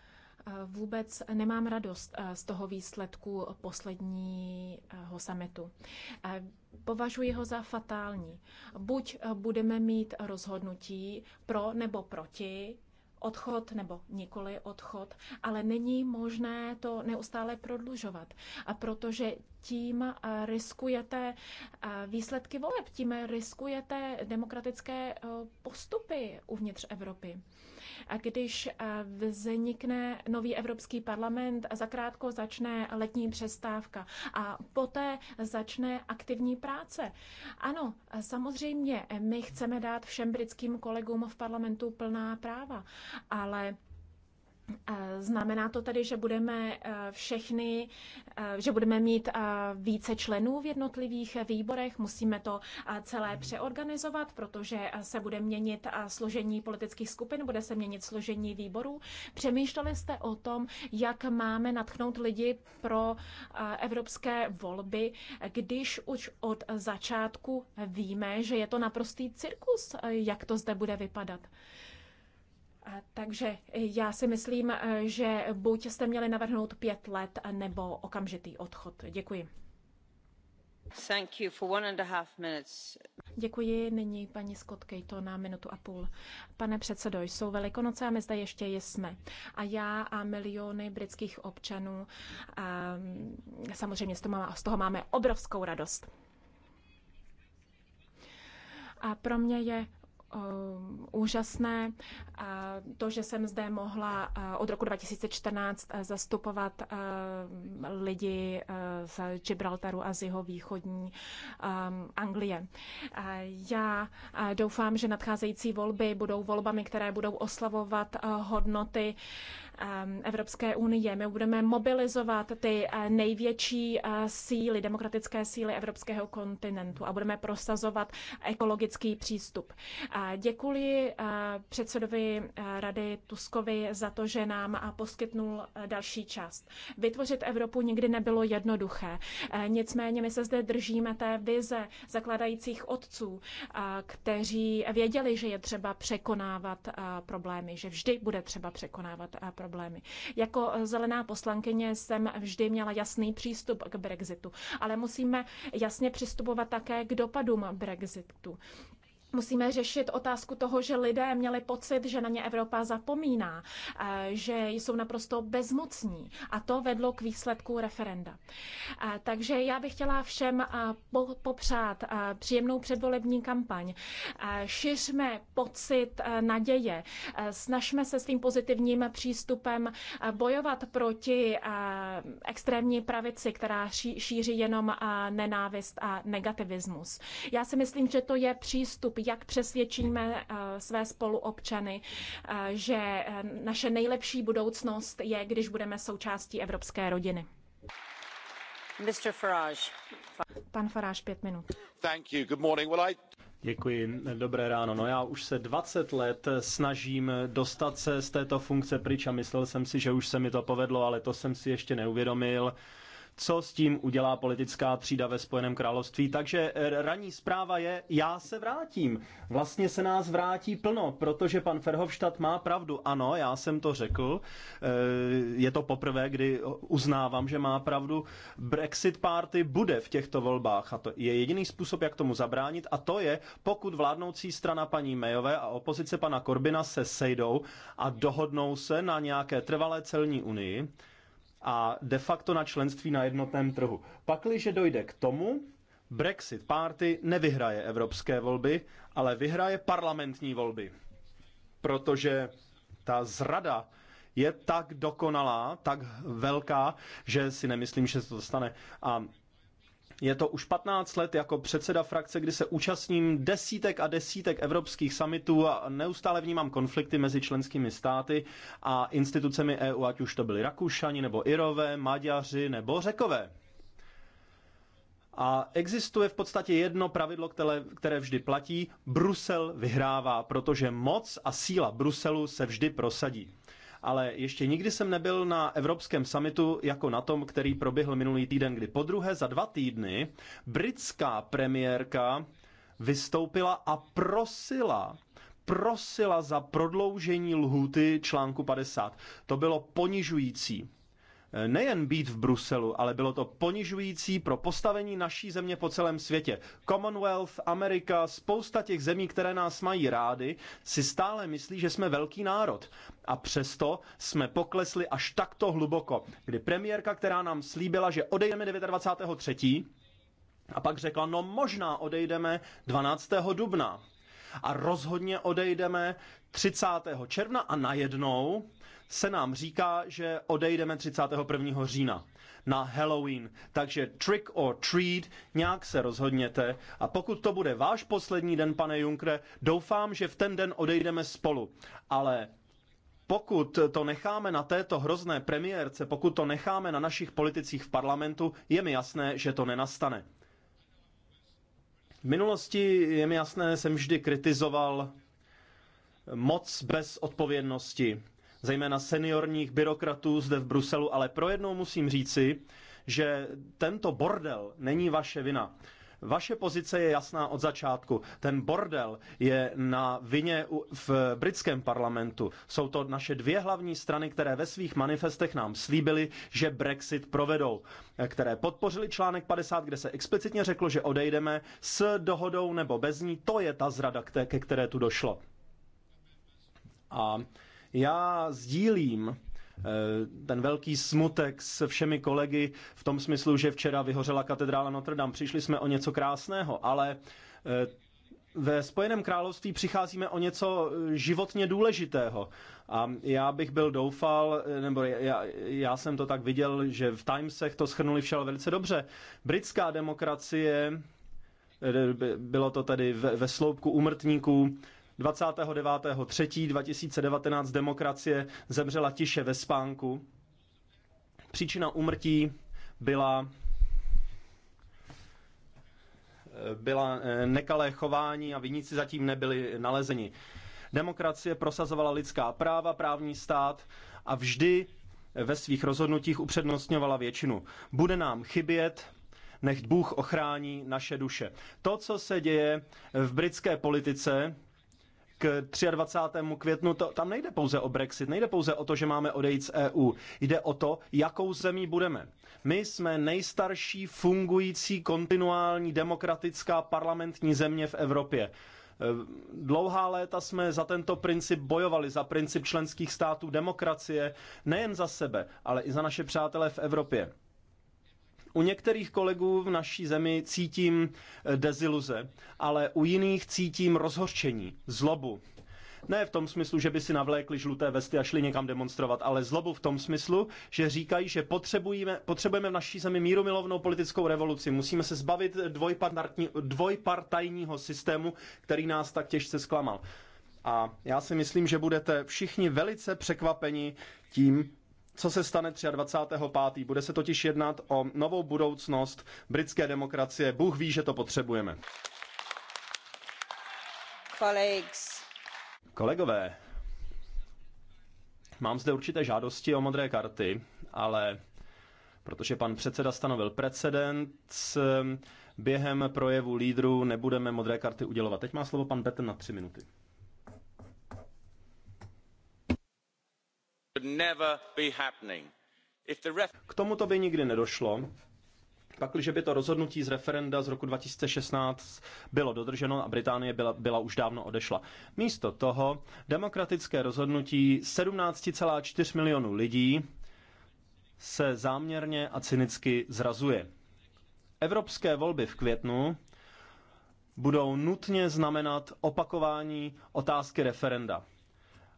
C: vůbec nemám radost z toho výsledku posledního sametu. Považuji ho za fatální. Buď budeme mít rozhodnutí pro nebo proti odchod nebo nikoli odchod, ale není možné to neustále prodlužovat, a protože tím eh, riskujete eh, výsledky voleb, tím riskujete demokratické eh, postupy uvnitř Evropy. A když eh, vznikne nový Evropský parlament, zakrátko začne letní přestávka a poté začne aktivní práce. Ano, samozřejmě, eh, my chceme dát všem britským kolegům v parlamentu plná práva, ale Znamená to tedy, že budeme eh, všechny, eh, že budeme mít eh, více členů v jednotlivých výborech, musíme to celé hmm. přeorganizovat, protože se bude měnit složení politických skupin, bude se měnit složení výborů. Přemýšleli jste o tom, jak máme natchnout lidi pro evropské volby, když už od začátku víme, že je to naprostý cirkus, jak to zde bude vypadat. Takže já si myslím, eh, že buď jste měli navrhnout pět let nebo okamžitý odchod. Děkuji.
B: Thank you for one and a
C: half minutes. Děkuji. Nyní paní Scott to na minutu a půl. Pane předsedo, jsou velikonoce a my zde ještě jsme. A já a miliony britských občanů, a ehm, samozřejmě z toho, máme, z toho máme obrovskou radost. A pro mě je Um, úžasné. To, že jsem zde mohla uh, od roku 2014 uh, zastupovat uh, lidi z Gibraltaru a z jeho východní um, Anglie. Já doufám, že nadcházející volby budou volbami, které budou oslavovat hodnoty Evropské unie. My budeme mobilizovat ty eh, největší eh, síly, demokratické síly evropského kontinentu a budeme prosazovat ekologický přístup. Děkuji eh, předsedovi Rady Tuskovi za to, že nám poskytnul další část. Vytvořit Evropu nikdy nebylo jednoduché. Nicméně my se zde držíme té vize zakladajících otců, kteří věděli, že je třeba překonávat problémy, že vždy bude třeba překonávat problémy problémy. Jako eh, zelená poslankyně jsem vždy měla jasný přístup k Brexitu, ale musíme jasně přistupovat také k dopadům Brexitu. Musíme řešit otázku toho, že lidé měli pocit, že na ně Evropa zapomíná, eh, že jsou naprosto bezmocní a to vedlo k výsledku referenda. Eh, takže já bych chtěla všem eh, popřát příjemnou předvolební kampaň. Šiřme pocit naděje, snažme se svým pozitivním přístupem bojovat proti extrémní pravici, která šíří jenom nenávist a negativismus. Já si myslím, že to je přístup přístup, jak přesvědčíme eh, své spoluobčany, eh, že eh, naše nejlepší budoucnost je, když budeme součástí evropské rodiny. Mr. Farage. Pan Farage, pět minut.
A: Thank you. Good morning. Well, I... Děkuji, dobré ráno. No já už se 20 let snažím dostat se z této funkce pryč a myslel jsem si, že už se mi to povedlo, ale to jsem si ještě neuvědomil co s tím udělá politická třída ve Spojeném království. Takže eh, ranní zpráva je, já se vrátím. Vlastně se nás vrátí plno, protože pan Ferhovštad má pravdu. Ano, já jsem to řekl. Eh, je to poprvé, kdy uznávám, že má pravdu. Brexit party bude v těchto volbách a to je jediný způsob, jak tomu zabránit a to je, pokud vládnoucí strana paní Mayové a opozice pana Korbina se sejdou a dohodnou se na nějaké trvalé celní unii, a de facto na členství na jednotném trhu. Pakliže dojde k tomu, Brexit Party nevyhraje evropské volby, ale vyhraje parlamentní volby. Protože ta zrada je tak dokonalá, tak velká, že si nemyslím, že se to stane. A je to už 15 let jako předseda frakce, kdy se účastním desítek a desítek evropských summitů a neustále vnímám konflikty mezi členskými státy a institucemi EU, ať už to byli Rakušani, nebo Irové, Maďaři, nebo Řekové. A existuje v podstatě jedno pravidlo, které, které vždy platí. Brusel vyhrává, protože moc a síla Bruselu se vždy prosadí ale ještě nikdy jsem nebyl na Evropském summitu jako na tom, který proběhl minulý týden, kdy po druhé za dva týdny britská premiérka vystoupila a prosila prosila za prodloužení lhuty článku 50. To bylo ponižující. Eh, nejen být v Bruselu, ale bylo to ponižující pro postavení naší země po celém světě. Commonwealth, Amerika, spousta těch zemí, které nás mají rády, si stále myslí, že jsme velký národ. A přesto jsme poklesli až takto hluboko, kdy premiérka, která nám slíbila, že odejdeme 3. a pak řekla, no možná odejdeme 12. dubna a rozhodně odejdeme 30. června a najednou se nám říká, že odejdeme 31. října na Halloween. Takže trick or treat, nějak se rozhodněte. A pokud to bude váš poslední den, pane Junkre, doufám, že v ten den odejdeme spolu. Ale pokud to necháme na této hrozné premiérce, pokud to necháme na našich politicích v parlamentu, je mi jasné, že to nenastane. V minulosti, je mi jasné, jsem vždy kritizoval moc bez odpovědnosti, zejména seniorních byrokratů zde v Bruselu, ale pro jednou musím říci, že tento bordel není vaše vina. Vaše pozice je jasná od začátku. Ten bordel je na vině v britském parlamentu. Jsou to naše dvě hlavní strany, které ve svých manifestech nám slíbily, že Brexit provedou, které podpořili článek 50, kde se explicitně řeklo, že odejdeme s dohodou nebo bez ní. To je ta zrada, ke které tu došlo. A já sdílím Eh, ten velký smutek s všemi kolegy v tom smyslu, že včera vyhořela katedrála Notre Dame. Přišli jsme o něco krásného, ale eh, ve Spojeném království přicházíme o něco eh, životně důležitého. A já bych byl doufal, nebo já, já jsem to tak viděl, že v Timesech to schrnuli všel velice dobře. Britská demokracie, bylo to tady ve, ve sloupku umrtníků, 29.3.2019 demokracie zemřela tiše ve spánku. Příčina úmrtí byla byla eh, nekalé chování a viníci zatím nebyli nalezeni. Demokracie prosazovala lidská práva, právní stát a vždy ve svých rozhodnutích upřednostňovala většinu. Bude nám chybět, nech Bůh ochrání naše duše. To, co se děje v britské politice, k 23. květnu, to, tam nejde pouze o Brexit, nejde pouze o to, že máme odejít z EU. Jde o to, jakou zemí budeme. My jsme nejstarší fungující kontinuální demokratická parlamentní země v Evropě. E, dlouhá léta jsme za tento princip bojovali, za princip členských států demokracie, nejen za sebe, ale i za naše přátelé v Evropě. U některých kolegů v naší zemi cítím eh, deziluze, ale u jiných cítím rozhorčení, zlobu. Ne v tom smyslu, že by si navlékli žluté vesty a šli někam demonstrovat, ale zlobu v tom smyslu, že říkají, že potřebujeme, potřebujeme v naší zemi mírumilovnou politickou revoluci. Musíme se zbavit dvojpartajního systému, který nás tak těžce zklamal. A já si myslím, že budete všichni velice překvapeni tím, co se stane 25. Bude se totiž jednat o novou budoucnost britské demokracie. Bůh ví, že to potřebujeme.
B: Colleagues.
A: Kolegové, mám zde určité žádosti o modré karty, ale protože pan předseda stanovil s během projevu lídrů nebudeme modré karty udělovat. Teď má slovo pan Petr na tři minuty. K tomuto by nikdy nedošlo, pakliže by to rozhodnutí z referenda z roku 2016 bylo dodrženo a Británie byla, byla už dávno odešla. Místo toho demokratické rozhodnutí 17,4 milionů lidí se záměrně a cynicky zrazuje. Evropské volby v květnu budou nutně znamenat opakování otázky referenda.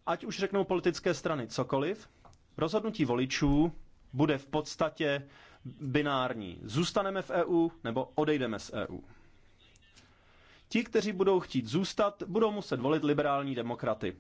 A: Ať už řeknou politické strany cokoliv, rozhodnutí voličů bude v podstatě binární. Zůstaneme v EU nebo odejdeme z EU. Ti, kteří budou chtít zůstat, budou muset volit liberální demokraty.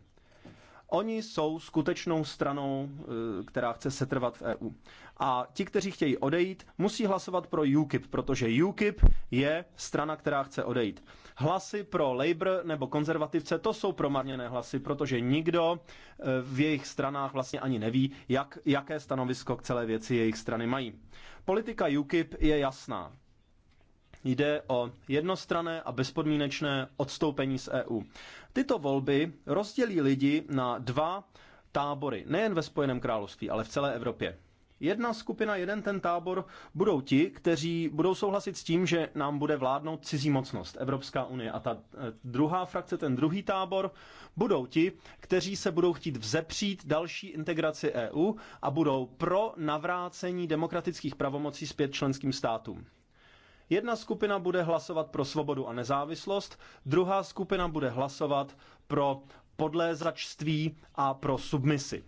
A: Oni jsou skutečnou stranou, eh, která chce setrvat v EU. A ti, kteří chtějí odejít, musí hlasovat pro UKIP, protože UKIP je strana, která chce odejít. Hlasy pro Labour nebo konzervativce, to jsou promarněné hlasy, protože nikdo eh, v jejich stranách vlastně ani neví, jak, jaké stanovisko k celé věci jejich strany mají. Politika UKIP je jasná. Jde o jednostrané a bezpodmínečné odstoupení z EU. Tyto volby rozdělí lidi na dva tábory, nejen ve Spojeném království, ale v celé Evropě. Jedna skupina, jeden ten tábor budou ti, kteří budou souhlasit s tím, že nám bude vládnout cizí mocnost, Evropská unie. A ta eh, druhá frakce, ten druhý tábor, budou ti, kteří se budou chtít vzepřít další integraci EU a budou pro navrácení demokratických pravomocí zpět členským státům. Jedna skupina bude hlasovat pro svobodu a nezávislost, druhá skupina bude hlasovat pro podlézačství a pro submisi.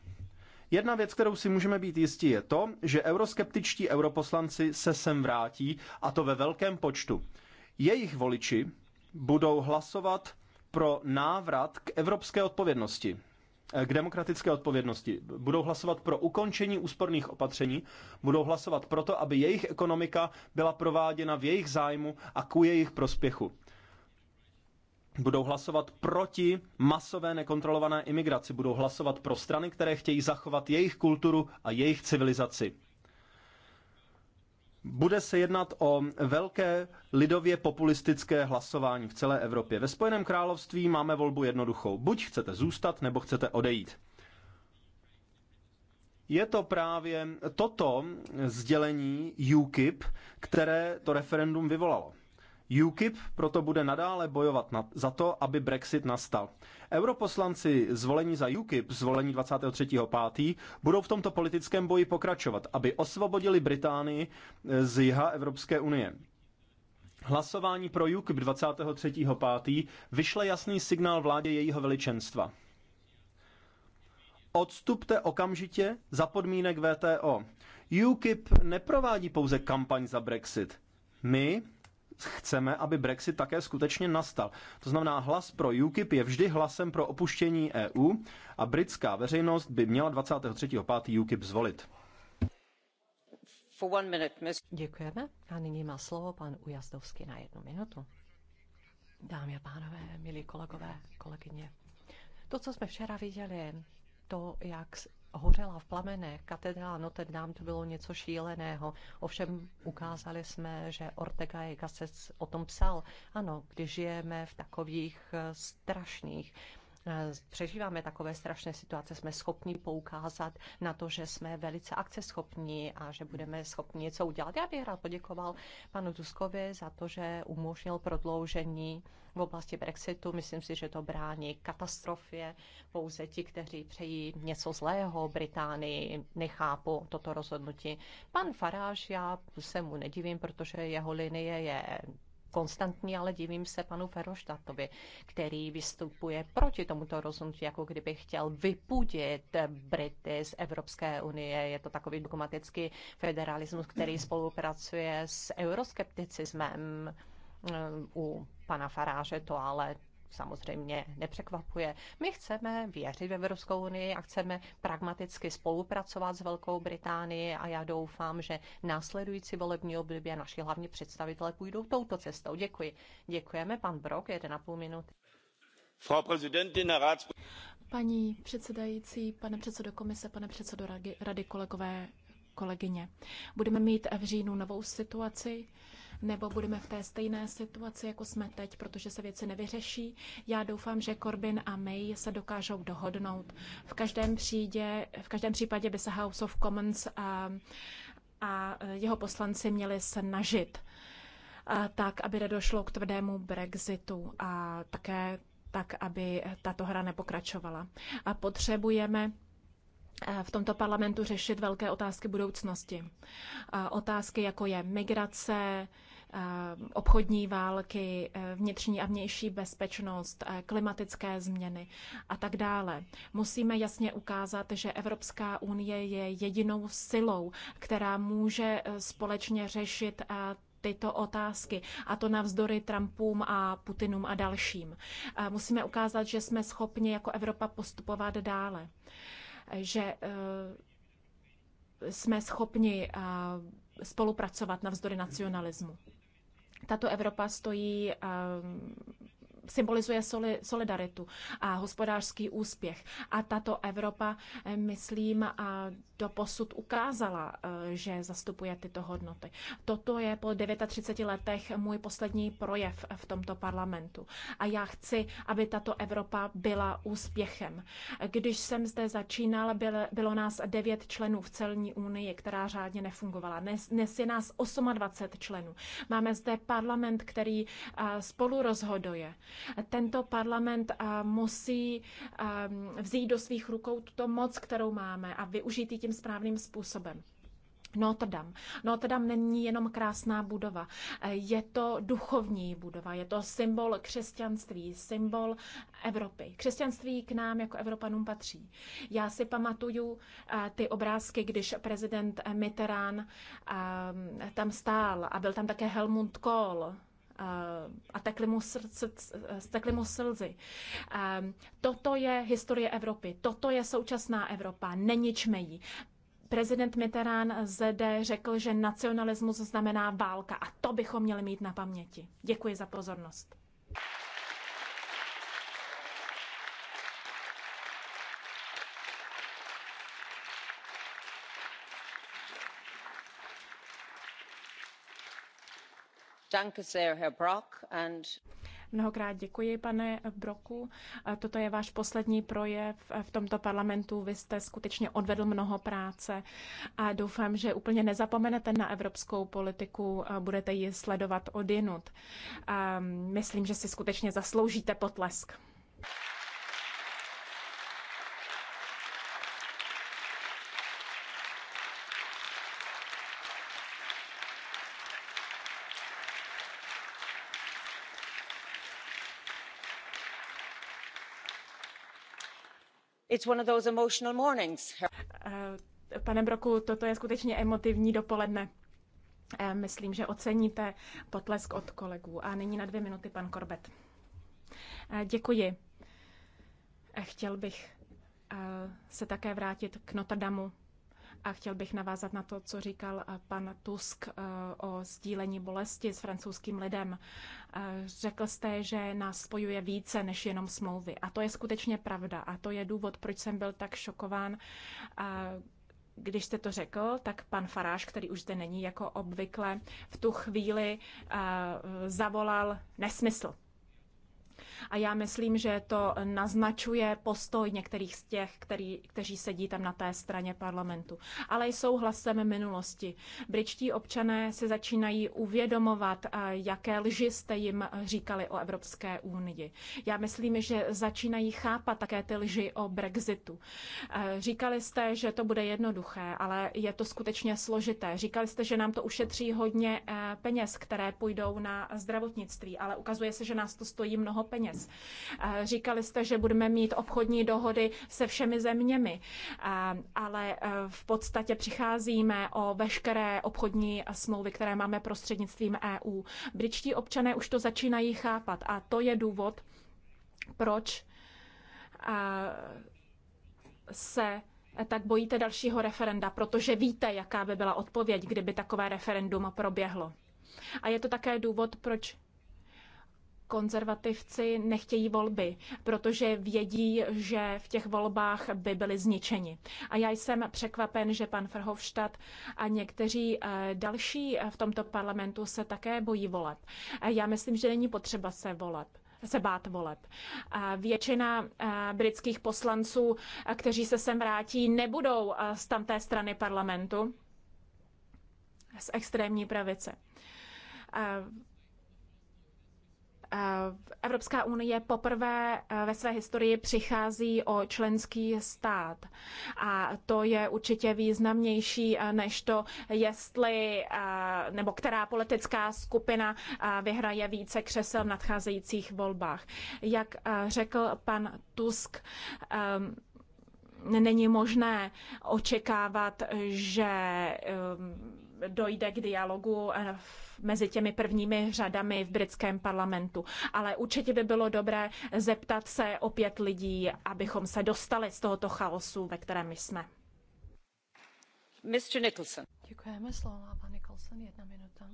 A: Jedna věc, kterou si můžeme být jistí, je to, že euroskeptičtí europoslanci se sem vrátí, a to ve velkém počtu. Jejich voliči budou hlasovat pro návrat k evropské odpovědnosti. Eh, k demokratické odpovědnosti. Budou hlasovat pro ukončení úsporných opatření, budou hlasovat pro to, aby jejich ekonomika byla prováděna v jejich zájmu a ku jejich prospěchu. Budou hlasovat proti masové nekontrolované imigraci, budou hlasovat pro strany, které chtějí zachovat jejich kulturu a jejich civilizaci. Bude se jednat o velké lidově populistické hlasování v celé Evropě. Ve Spojeném království máme volbu jednoduchou. Buď chcete zůstat, nebo chcete odejít. Je to právě toto sdělení UKIP, které to referendum vyvolalo. UKIP proto bude nadále bojovat na, za to, aby Brexit nastal. Europoslanci zvolení za UKIP, zvolení 23.5., budou v tomto politickém boji pokračovat, aby osvobodili Británii eh, z jiha Evropské unie. Hlasování pro UKIP 23.5. vyšle jasný signál vládě jejího veličenstva. Odstupte okamžitě za podmínek VTO. UKIP neprovádí pouze kampaň za Brexit. My, chceme, aby Brexit také skutečně nastal. To znamená, hlas pro UKIP je vždy hlasem pro opuštění EU a britská veřejnost by měla 23.5. UKIP zvolit.
B: Děkujeme. A nyní má slovo pan Ujazdovský na jednu minutu. Dámy a pánové, milí kolegové, kolegyně, to, co jsme včera viděli, to, jak hořela v plamenech katedrála Notre Dame, to bylo něco šíleného. Ovšem ukázali jsme, že Ortega i Gasset o tom psal. Ano, když žijeme v takových eh, strašných Eh, přežíváme takové strašné situace, jsme schopni poukázat na to, že jsme velice akceschopní a že budeme schopni něco udělat. Já bych rád poděkoval panu Tuskovi za to, že umožnil prodloužení v oblasti Brexitu. Myslím si, že to brání katastrofě. Pouze ti, kteří přejí něco zlého Británii, nechápu toto rozhodnutí. Pan Faráš, já se mu nedivím, protože jeho linie je konstantní, ale divím se panu Feroštatovi, který vystupuje proti tomuto rozhodnutí, jako kdyby chtěl vypudit Brity z Evropské unie. Je to takový dogmatický federalismus, který spolupracuje s euroskepticismem eh, u pana Faráže to ale samozřejmě nepřekvapuje. My chceme věřit v Evropskou unii a chceme pragmaticky spolupracovat s Velkou Británií a já doufám, že následující volební období naši hlavní představitelé půjdou touto cestou. Děkuji. Děkujeme, pan
C: Brok, 1,5 minuty.
A: Frau Präsidentin,
C: Paní předsedající, pane předsedo komise, pane předsedo rady, kolegové, kolegyně. Budeme mít v říjnu novou situaci nebo budeme v té stejné situaci, jako jsme teď, protože se věci nevyřeší. Já doufám, že Corbyn a May se dokážou dohodnout. V každém, přídě, v každém případě by se House of Commons a, a jeho poslanci měli snažit tak, aby nedošlo k tvrdému Brexitu a také tak, aby tato hra nepokračovala. A potřebujeme eh, v tomto parlamentu řešit velké otázky budoucnosti. Otázky jako je migrace, Eh, obchodní války, eh, vnitřní a vnější bezpečnost, eh, klimatické změny a tak dále. Musíme jasně ukázat, že Evropská unie je jedinou silou, která může společně řešit tyto otázky, a to navzdory Trumpům a Putinům a dalším. Musíme ukázat, že jsme schopni jako Evropa postupovat dále, že jsme schopni spolupracovat navzdory nacionalismu. Tato Evropa stojí ehm, symbolizuje solidaritu a hospodářský úspěch. A tato Evropa, eh, myslím, a do posud ukázala, eh, že zastupuje tyto hodnoty. Toto je po 39 letech můj poslední projev v tomto parlamentu. A já chci, aby tato Evropa byla úspěchem. Když jsem zde začínal, bylo nás devět členů v celní unii, která řádně nefungovala. dnes je nás 28 členů. Máme zde parlament, který eh, spolu rozhoduje. Tento parlament musí vzít do svých rukou tuto moc, kterou máme a využít ji tím správným způsobem. Notre Dame. Notre Dame není jenom krásná budova, je to duchovní budova, je to symbol křesťanství, symbol Evropy. Křesťanství k nám jako Evropanům patří. Já si pamatuju ty obrázky, když prezident Mitterrand tam stál a byl tam také Helmut Kohl, a tekly mu, srdce, tekly mu slzy. Toto je historie Evropy, toto je současná Evropa, neničme ji. Prezident Mitterrand zde řekl, že nacionalismus znamená válka a to bychom měli mít na paměti. Děkuji za pozornost. Mnohokrát děkuji, pane Broku. Toto je váš poslední projev v tomto parlamentu. Vy jste skutečně odvedl mnoho práce a doufám, že úplně nezapomenete na evropskou politiku, budete ji sledovat odinut. Myslím, že si skutečně zasloužíte potlesk. Eh, pane Broku, toto je skutečně emotivní dopoledne. Eh, myslím, že oceníte potlesk od kolegů. A nyní na dvě minuty pan Korbet. Eh, děkuji. Chtěl bych se také vrátit k Notre Damu a chtěl bych navázat na to, co říkal eh, pan Tusk eh, o sdílení bolesti s francouzským lidem. Eh, řekl jste, že nás spojuje více než jenom smlouvy. A to je skutečně pravda. A to je důvod, proč jsem byl tak šokován, když jste to řekl, tak pan Faráš, který už zde není jako obvykle, v tu chvíli uh, zavolal nesmysl. A já myslím, že to naznačuje postoj některých z těch, který, kteří sedí tam na té straně parlamentu. Ale jsou hlasem minulosti. Britští občané se začínají uvědomovat, eh, jaké lži jste jim říkali o Evropské unii. Já myslím, že začínají chápat také ty lži o Brexitu. Eh, říkali jste, že to bude jednoduché, ale je to skutečně složité. Říkali jste, že nám to ušetří hodně eh, peněz, které půjdou na zdravotnictví, ale ukazuje se, že nás to stojí mnoho peněz peněz. Říkali jste, že budeme mít obchodní dohody se všemi zeměmi, ale e, v podstatě přicházíme o veškeré obchodní smlouvy, které máme prostřednictvím EU. Britští občané už to začínají chápat a to je důvod, proč e, se tak bojíte dalšího referenda, protože víte, jaká by byla odpověď, kdyby takové referendum proběhlo. A je to také důvod, proč konzervativci nechtějí volby, protože vědí, že v těch volbách by byli zničeni. A já jsem překvapen, že pan Verhofstadt a někteří eh, další v tomto parlamentu se také bojí voleb. Já myslím, že není potřeba se voleb se bát voleb. Většina eh, britských poslanců, eh, kteří se sem vrátí, nebudou z tamté strany parlamentu, z extrémní pravice Eh, Evropská unie poprvé eh, ve své historii přichází o členský stát. A to je určitě významnější eh, než to, jestli nebo která politická skupina vyhraje více křesel v nadcházejících volbách. Jak řekl pan Tusk, ehm, není možné očekávat, že ehm, dojde k dialogu eh, mezi těmi prvními řadami v britském parlamentu. Ale určitě by bylo dobré zeptat se opět lidí, abychom se dostali z tohoto chaosu, ve kterém jsme. Mr. Nicholson.
B: Děkujeme, slovo pan Nicholson, jedna minuta.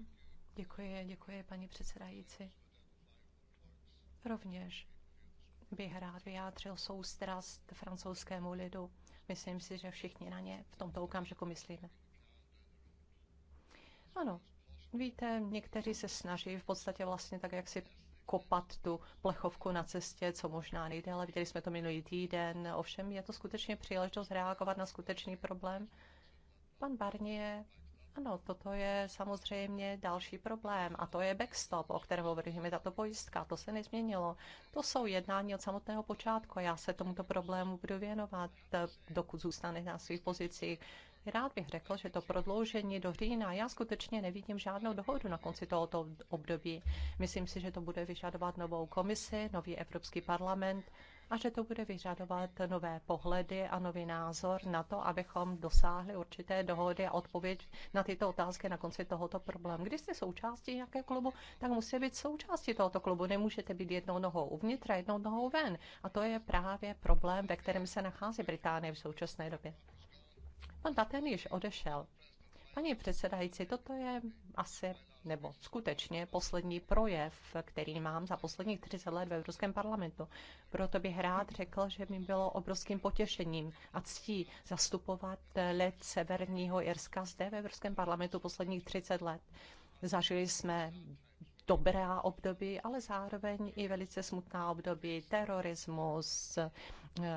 B: Děkuji, děkuji, paní předsedající. Rovněž bych rád vyjádřil soustrast francouzskému lidu. Myslím si, že všichni na ně v tomto okamžiku myslíme. Ano, víte, někteří se snaží v podstatě vlastně tak, jak si kopat tu plechovku na cestě, co možná Ale Viděli jsme to minulý týden. Ovšem je to skutečně příležitost reagovat na skutečný problém. Pan Barnier, ano, toto je samozřejmě další problém a to je backstop, o kterém hovoříme, tato pojistka, to se nezměnilo. To jsou jednání od samotného počátku. Já se tomuto problému budu věnovat, dokud zůstane na svých pozicích. Rád bych řekl, že to prodloužení do října, já skutečně nevidím žádnou dohodu na konci tohoto období. Myslím si, že to bude vyžadovat novou komisi, nový Evropský parlament a že to bude vyžadovat nové pohledy a nový názor na to, abychom dosáhli určité dohody a odpověď na tyto otázky na konci tohoto problému. Když jste součástí nějaké klubu, tak musíte být součástí tohoto klubu. Nemůžete být jednou nohou uvnitř a jednou nohou ven. A to je právě problém, ve kterém se nachází Británie v současné době. Pan Baten již odešel. Paní předsedající, toto je asi nebo skutečně poslední projev, který mám za posledních 30 let ve Evropském parlamentu. Proto bych rád řekl, že mi bylo obrovským potěšením a ctí zastupovat lid Severního Irska zde ve Evropském parlamentu posledních 30 let. Zažili jsme dobrá období, ale zároveň i velice smutná období, terorismus, eh,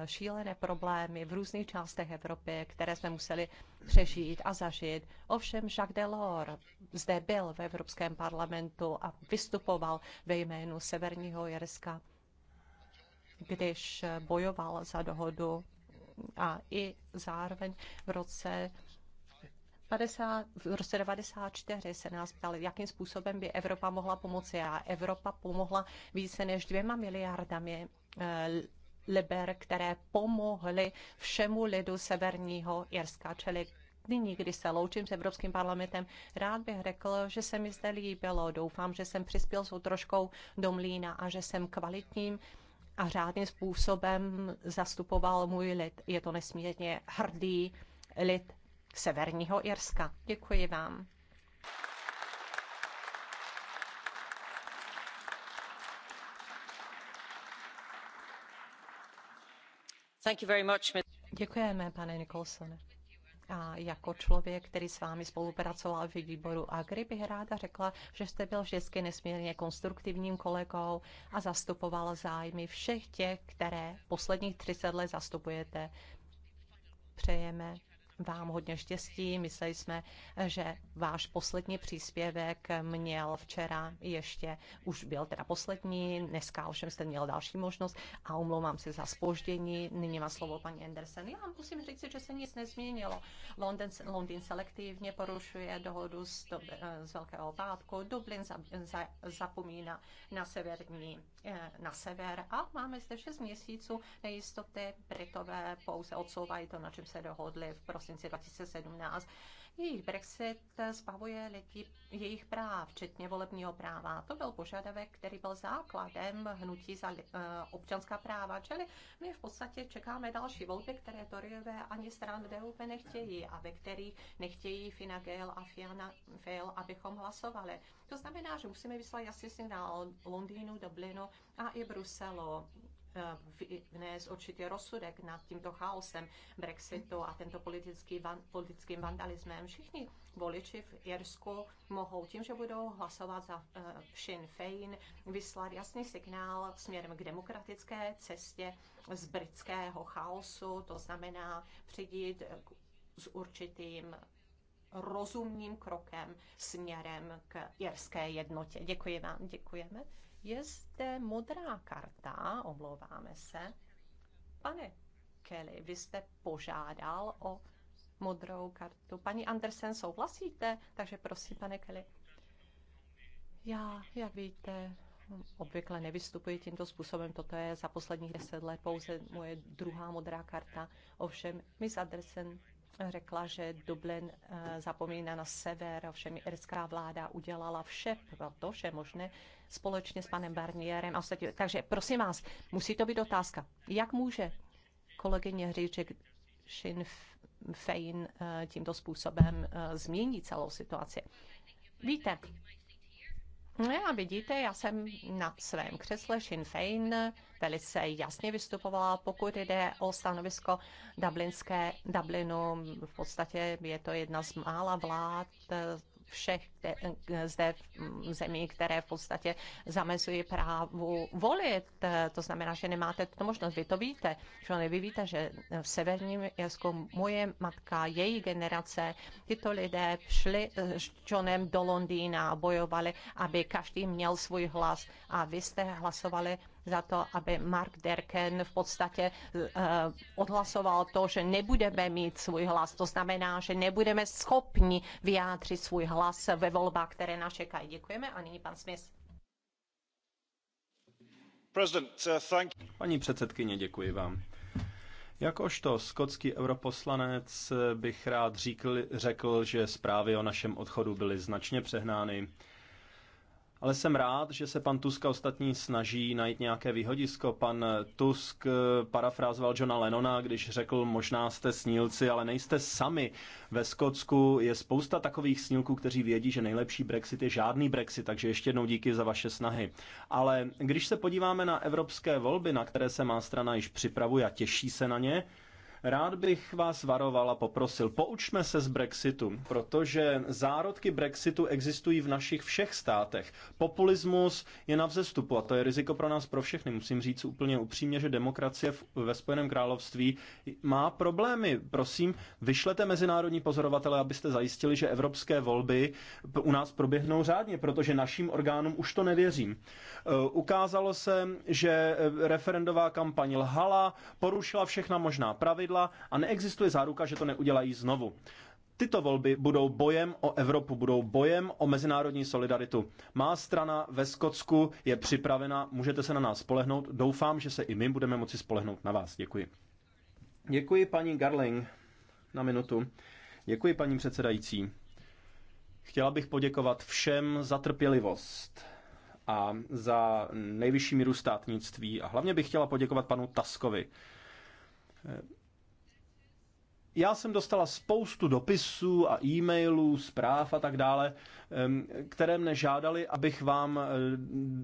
B: šílené problémy v různých částech Evropy, které jsme museli přežít a zažít. Ovšem Jacques Delors zde byl v Evropském parlamentu a vystupoval ve jménu Severního Jerska, když bojoval za dohodu a i zároveň v roce 50, v roce 94 se nás ptali, jakým způsobem by Evropa mohla pomoci. A Evropa pomohla více než dvěma miliardami eh, liber, které pomohly všemu lidu severního Jirska, čili nyní, když se loučím s Evropským parlamentem, rád bych řekl, že se mi zde líbilo. Doufám, že jsem přispěl s troškou do mlína a že jsem kvalitním a řádným způsobem zastupoval můj lid. Je to nesmírně hrdý lid Severního Irska. Děkuji vám. Thank you very much, Děkujeme, pane Nicholson. A jako člověk, který s vámi spolupracoval v výboru Agri, bych ráda řekla, že jste byl vždycky nesmírně konstruktivním kolegou a zastupoval zájmy všech těch, které posledních 30 let zastupujete. Přejeme vám hodně štěstí. Mysleli jsme, že váš poslední příspěvek měl včera ještě, už byl teda poslední, dneska ovšem jste měl další možnost a umlouvám se za spoždění. Nyní má slovo paní Andersen. Já musím říct, že se nic nezměnilo. London, Londýn selektivně porušuje dohodu z, do, eh, z Velkého pátku, Dublin za, za, zapomíná na severní, eh, na sever a máme zde 6 měsíců nejistoty, Britové pouze odsouvají to, na čem se dohodli v prosinci prosinci 2017. Jejich Brexit zbavuje lidi jejich práv, včetně volebního práva. To byl požadavek, který byl základem hnutí za eh, občanská práva. Čili my v podstatě čekáme další volby, které Toryové ani stran DUP nechtějí a ve kterých nechtějí Fina Gale a Fiana Fail, abychom hlasovali. To znamená, že musíme vyslat jasný signál Londýnu, Dublinu a i Bruselu. Eh, vnést určitý rozsudek nad tímto chaosem Brexitu a tento politický van, politickým vandalismem. Všichni voliči v Irsku mohou tím, že budou hlasovat za uh, Sinn Féin, vyslat jasný signál směrem k demokratické cestě z britského chaosu, to znamená přijít s určitým rozumným krokem směrem k jerské jednotě. Děkuji vám, děkujeme. Je zde modrá karta, omlouváme se. Pane Kelly, vy jste požádal o modrou kartu. Paní Andersen, souhlasíte? Takže prosím, pane Kelly. Já, jak víte, obvykle nevystupuji tímto způsobem. Toto je za posledních deset let pouze moje druhá modrá karta. Ovšem, Miss Andersen řekla, že Dublin eh, zapomíná na sever, ovšem irská vláda udělala vše pro to, že možné společně s panem Barnierem a ostatní. Takže prosím vás, musí to být otázka. Jak může kolegyně Hříček Sinn Fein eh, tímto způsobem eh, změnit celou situaci? Víte, No a vidíte, já jsem na svém křesle Sinn Féin velice jasně vystupovala, pokud jde o stanovisko Dublinské, Dublinu. V podstatě je to jedna z mála vlád, všech eh, zde mm, zemí, které v podstatě zamezují právu volit. Eh, to znamená, že nemáte tuto možnost. Vy to víte, že vy víte, že eh, v severním Jasku moje matka, její generace, tyto lidé šli s Johnem do Londýna a bojovali, aby každý měl svůj hlas a vy jste hlasovali za to, aby Mark Derken v podstatě eh, odhlasoval to, že nebudeme mít svůj hlas. To znamená, že nebudeme schopni vyjádřit svůj hlas ve volbách, které nás čekají. Děkujeme a nyní pan Smith.
A: Paní předsedkyně, děkuji vám. Jakožto skotský europoslanec bych rád říkl, řekl, že zprávy o našem odchodu byly značně přehnány. Ale jsem rád, že se pan Tusk a ostatní snaží najít nějaké výhodisko. Pan Tusk eh, parafrázoval Johna Lennona, když řekl, možná jste snílci, ale nejste sami. Ve Skotsku je spousta takových snílků, kteří vědí, že nejlepší Brexit je žádný Brexit, takže ještě jednou díky za vaše snahy. Ale když se podíváme na evropské volby, na které se má strana již připravuje a těší se na ně, Rád bych vás varoval a poprosil, poučme se z Brexitu, protože zárodky Brexitu existují v našich všech státech. Populismus je na vzestupu a to je riziko pro nás pro všechny. Musím říct úplně upřímně, že demokracie ve Spojeném království má problémy. Prosím, vyšlete mezinárodní pozorovatele, abyste zajistili, že evropské volby u nás proběhnou řádně, protože našim orgánům už to nevěřím. E, ukázalo se, že e, referendová kampaň lhala, porušila všechna možná pravidla, pravidla a neexistuje záruka, že to neudělají znovu. Tyto volby budou bojem o Evropu, budou bojem o mezinárodní solidaritu. Má strana ve Skotsku je připravena, můžete se na nás spolehnout. Doufám, že se i my budeme moci spolehnout na vás. Děkuji. Děkuji paní Garling na minutu. Děkuji paní předsedající. Chtěla bych poděkovat všem za trpělivost a za nejvyšší míru státnictví a hlavně bych chtěla poděkovat panu Taskovi já jsem dostala spoustu dopisů a e-mailů, zpráv a tak dále, které mne žádali, abych vám eh,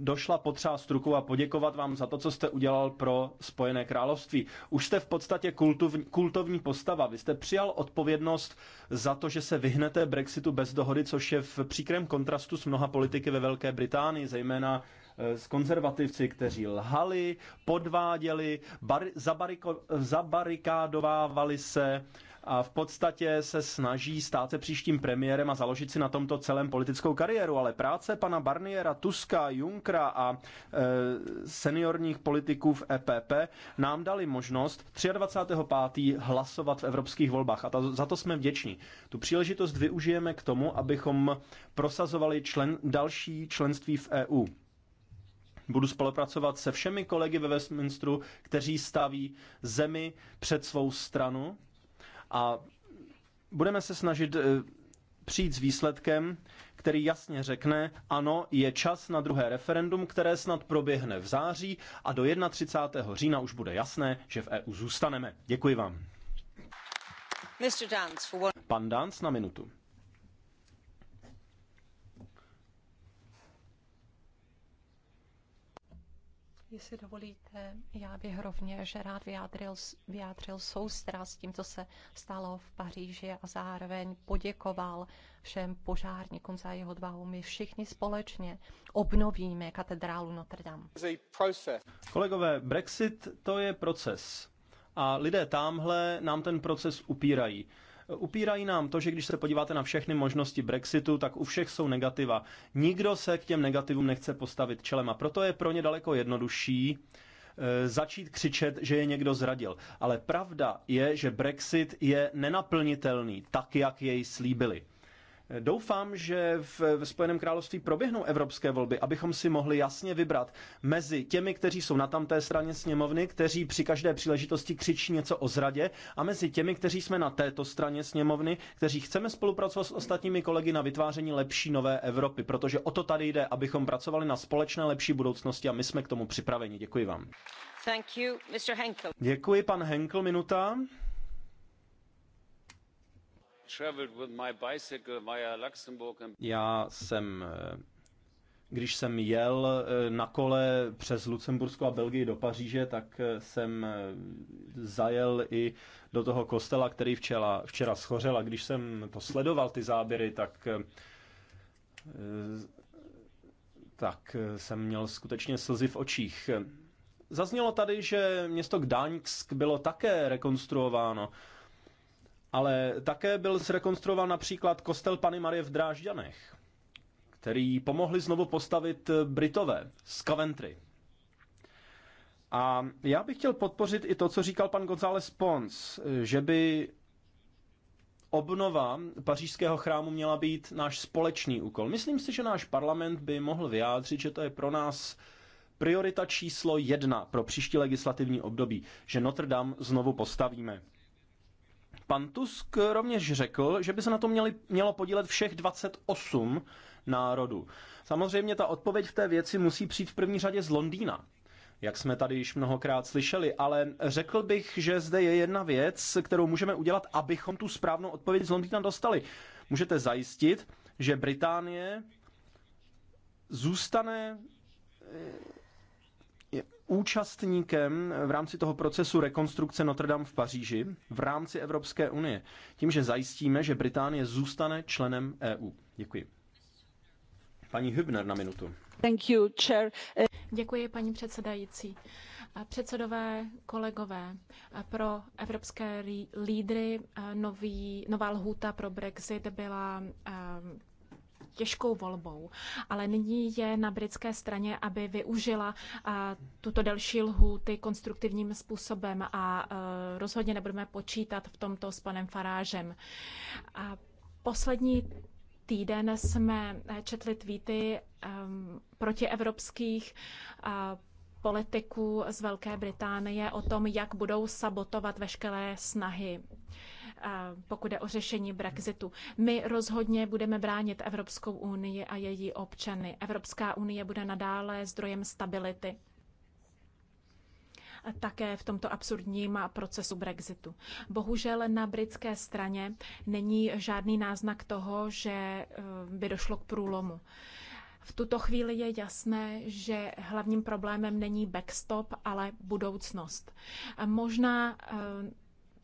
A: došla potřást ruku a poděkovat vám za to, co jste udělal pro Spojené království. Už jste v podstatě kultovní, kultovní postava. Vy jste přijal odpovědnost za to, že se vyhnete Brexitu bez dohody, což je v příkrém kontrastu s mnoha politiky ve Velké Británii, zejména Eh, s konzervativci, kteří lhali, podváděli, bar, zabariko, zabarikádovávali se a v podstatě se snaží stát se příštím premiérem a založit si na tomto celém politickou kariéru. Ale práce pana Barniera, Tuska, Junkra a e, seniorních politiků v EPP nám dali možnost 23.5. hlasovat v evropských volbách a ta, za to jsme vděční. Tu příležitost využijeme k tomu, abychom prosazovali člen, další členství v EU. Budu spolupracovat se všemi kolegy ve Westminsteru, kteří staví zemi před svou stranu a budeme se snažit eh, přijít s výsledkem, který jasně řekne, ano, je čas na druhé referendum, které snad proběhne v září a do 31. října už bude jasné, že v EU zůstaneme. Děkuji vám. Pan Dance na minutu.
B: Jestli dovolíte, já bych rovněž rád vyjádřil, vyjádřil soustrast s tím, co se stalo v Paříži a zároveň poděkoval všem požárníkům za jeho odvahu. My všichni společně obnovíme katedrálu Notre Dame.
A: Kolegové, Brexit to je proces. A lidé tamhle nám ten proces upírají. Upírají nám to, že když se podíváte na všechny možnosti Brexitu, tak u všech jsou negativa. Nikdo se k těm negativům nechce postavit čelem a proto je pro ně daleko jednodušší eh, začít křičet, že je někdo zradil. Ale pravda je, že Brexit je nenaplnitelný tak, jak jej slíbili. Doufám, že v, Spojeném království proběhnou evropské volby, abychom si mohli jasně vybrat mezi těmi, kteří jsou na tamté straně sněmovny, kteří při každé příležitosti křičí něco o zradě, a mezi těmi, kteří jsme na této straně sněmovny, kteří chceme spolupracovat s ostatními kolegy na vytváření lepší nové Evropy, protože o to tady jde, abychom pracovali na společné lepší budoucnosti a my jsme k tomu připraveni. Děkuji vám. Thank you, Mr. Henkel. Děkuji, pan Henkel, minuta. Já jsem, eh, když jsem jel eh, na kole přes Lucembursko a Belgii do Paříže, tak eh, jsem zajel i do toho kostela, který včera, včera schořel a když jsem to sledoval, ty záběry, tak tak jsem měl skutečně slzy v očích. Zaznělo tady, že město Gdaňsk bylo také rekonstruováno. Ale také byl zrekonstruován například kostel Pany Marie v Drážďanech, který pomohli znovu postavit Britové z Coventry. A já bych chtěl podpořit i to, co říkal pan González Pons, že by obnova pařížského chrámu měla být náš společný úkol. Myslím si, že náš parlament by mohl vyjádřit, že to je pro nás priorita číslo jedna pro příští legislativní období, že Notre Dame znovu postavíme. Pan Tusk rovněž řekl, že by se na to měli, mělo podílet všech 28 národů. Samozřejmě ta odpověď v té věci musí přijít v první řadě z Londýna, jak jsme tady již mnohokrát slyšeli, ale řekl bych, že zde je jedna věc, kterou můžeme udělat, abychom tu správnou odpověď z Londýna dostali. Můžete zajistit, že Británie zůstane účastníkem v rámci toho procesu rekonstrukce Notre Dame v Paříži v rámci Evropské unie, tím, že zajistíme, že Británie zůstane členem EU. Děkuji. Paní Hübner na minutu.
C: Thank you, chair. Děkuji, paní předsedající. Předsedové, kolegové, pro evropské lídry nový, nová lhůta pro Brexit byla těžkou volbou, ale nyní je na britské straně, aby využila tuto delší lhůty konstruktivním způsobem a e, rozhodně nebudeme počítat v tomto s panem Farážem. A poslední týden jsme e, četli tweety um, protievropských uh, politiků z Velké Británie o tom, jak budou sabotovat veškeré snahy pokud je o řešení Brexitu. My rozhodně budeme bránit Evropskou unii a její občany. Evropská unie bude nadále zdrojem stability také v tomto absurdním procesu Brexitu. Bohužel na britské straně není žádný náznak toho, že eh, by došlo k průlomu. V tuto chvíli je jasné, že hlavním problémem není backstop, ale budoucnost. Možná eh,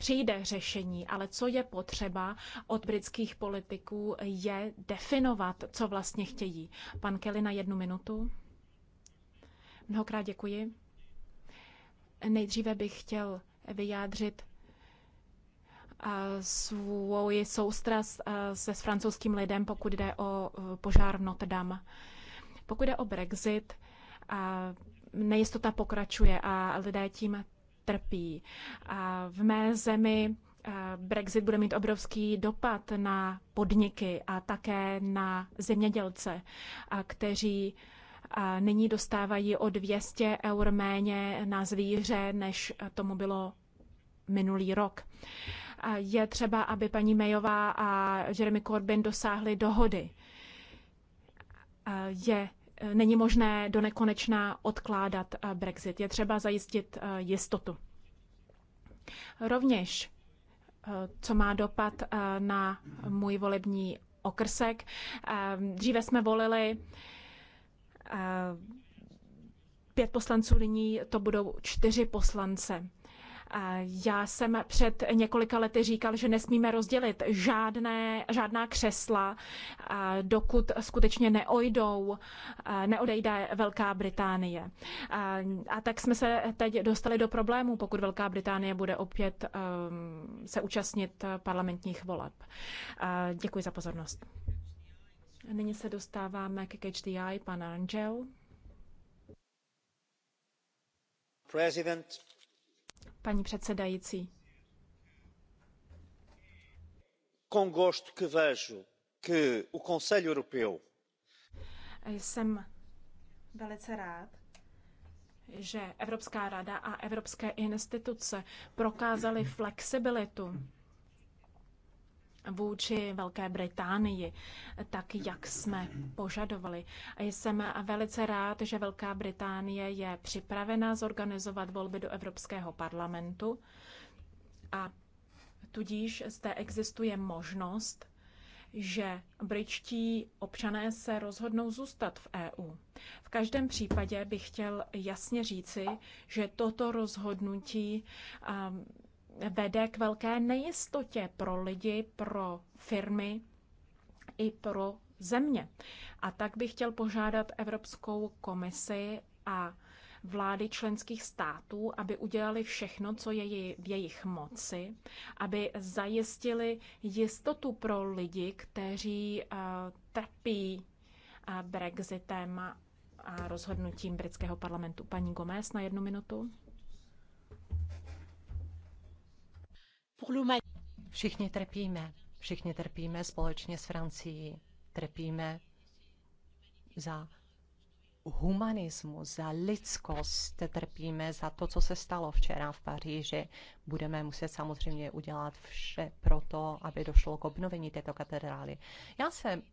C: přijde řešení, ale co je potřeba od britských politiků je definovat, co vlastně chtějí. Pan Kelly na jednu minutu. Mnohokrát děkuji. Nejdříve bych chtěl vyjádřit svůj soustras se s francouzským lidem, pokud jde o e, požár v Notre Dame. Pokud jde o Brexit, nejistota pokračuje a lidé tím trpí. V mé zemi eh, Brexit bude mít obrovský dopad na podniky a také na zemědělce, kteří eh, nyní dostávají o 200 eur méně na zvíře, než tomu bylo minulý rok. Je třeba, aby paní Mayová a Jeremy Corbyn dosáhli dohody. Je Eh, není možné do nekonečna odkládat eh, Brexit. Je třeba zajistit eh, jistotu. Rovněž, co má dopad na můj volební okrsek. Dříve jsme volili pět poslanců, nyní to budou čtyři poslance. Já jsem před několika lety říkal, že nesmíme rozdělit žádné, žádná křesla, dokud skutečně neojdou, neodejde Velká Británie. A tak jsme se teď dostali do problému, pokud Velká Británie bude opět um, se účastnit parlamentních voleb. Děkuji za pozornost. Nyní se dostáváme k HDI, pan Angel. President paní předsedající. jsem velice rád, že Evropská rada a evropské instituce prokázaly flexibilitu vůči Velké Británii, tak jak jsme požadovali. Jsem velice rád, že Velká Británie je připravena zorganizovat volby do Evropského parlamentu a tudíž zde existuje možnost, že britští občané se rozhodnou zůstat v EU. V každém případě bych chtěl jasně říci, že toto rozhodnutí vede k velké nejistotě pro lidi, pro firmy i pro země. A tak bych chtěl požádat Evropskou komisi a vlády členských států, aby udělali všechno, co je v jejich moci, aby zajistili jistotu pro lidi, kteří uh, trpí uh, Brexitem a rozhodnutím britského parlamentu. Paní Gomez na jednu minutu.
B: Všichni trpíme. Všichni trpíme společně s Francií. Trpíme za humanismus, za lidskost, trpíme za to, co se stalo včera v Paříži budeme muset samozřejmě udělat vše pro to, aby došlo k obnovení této katedrály. Já jsem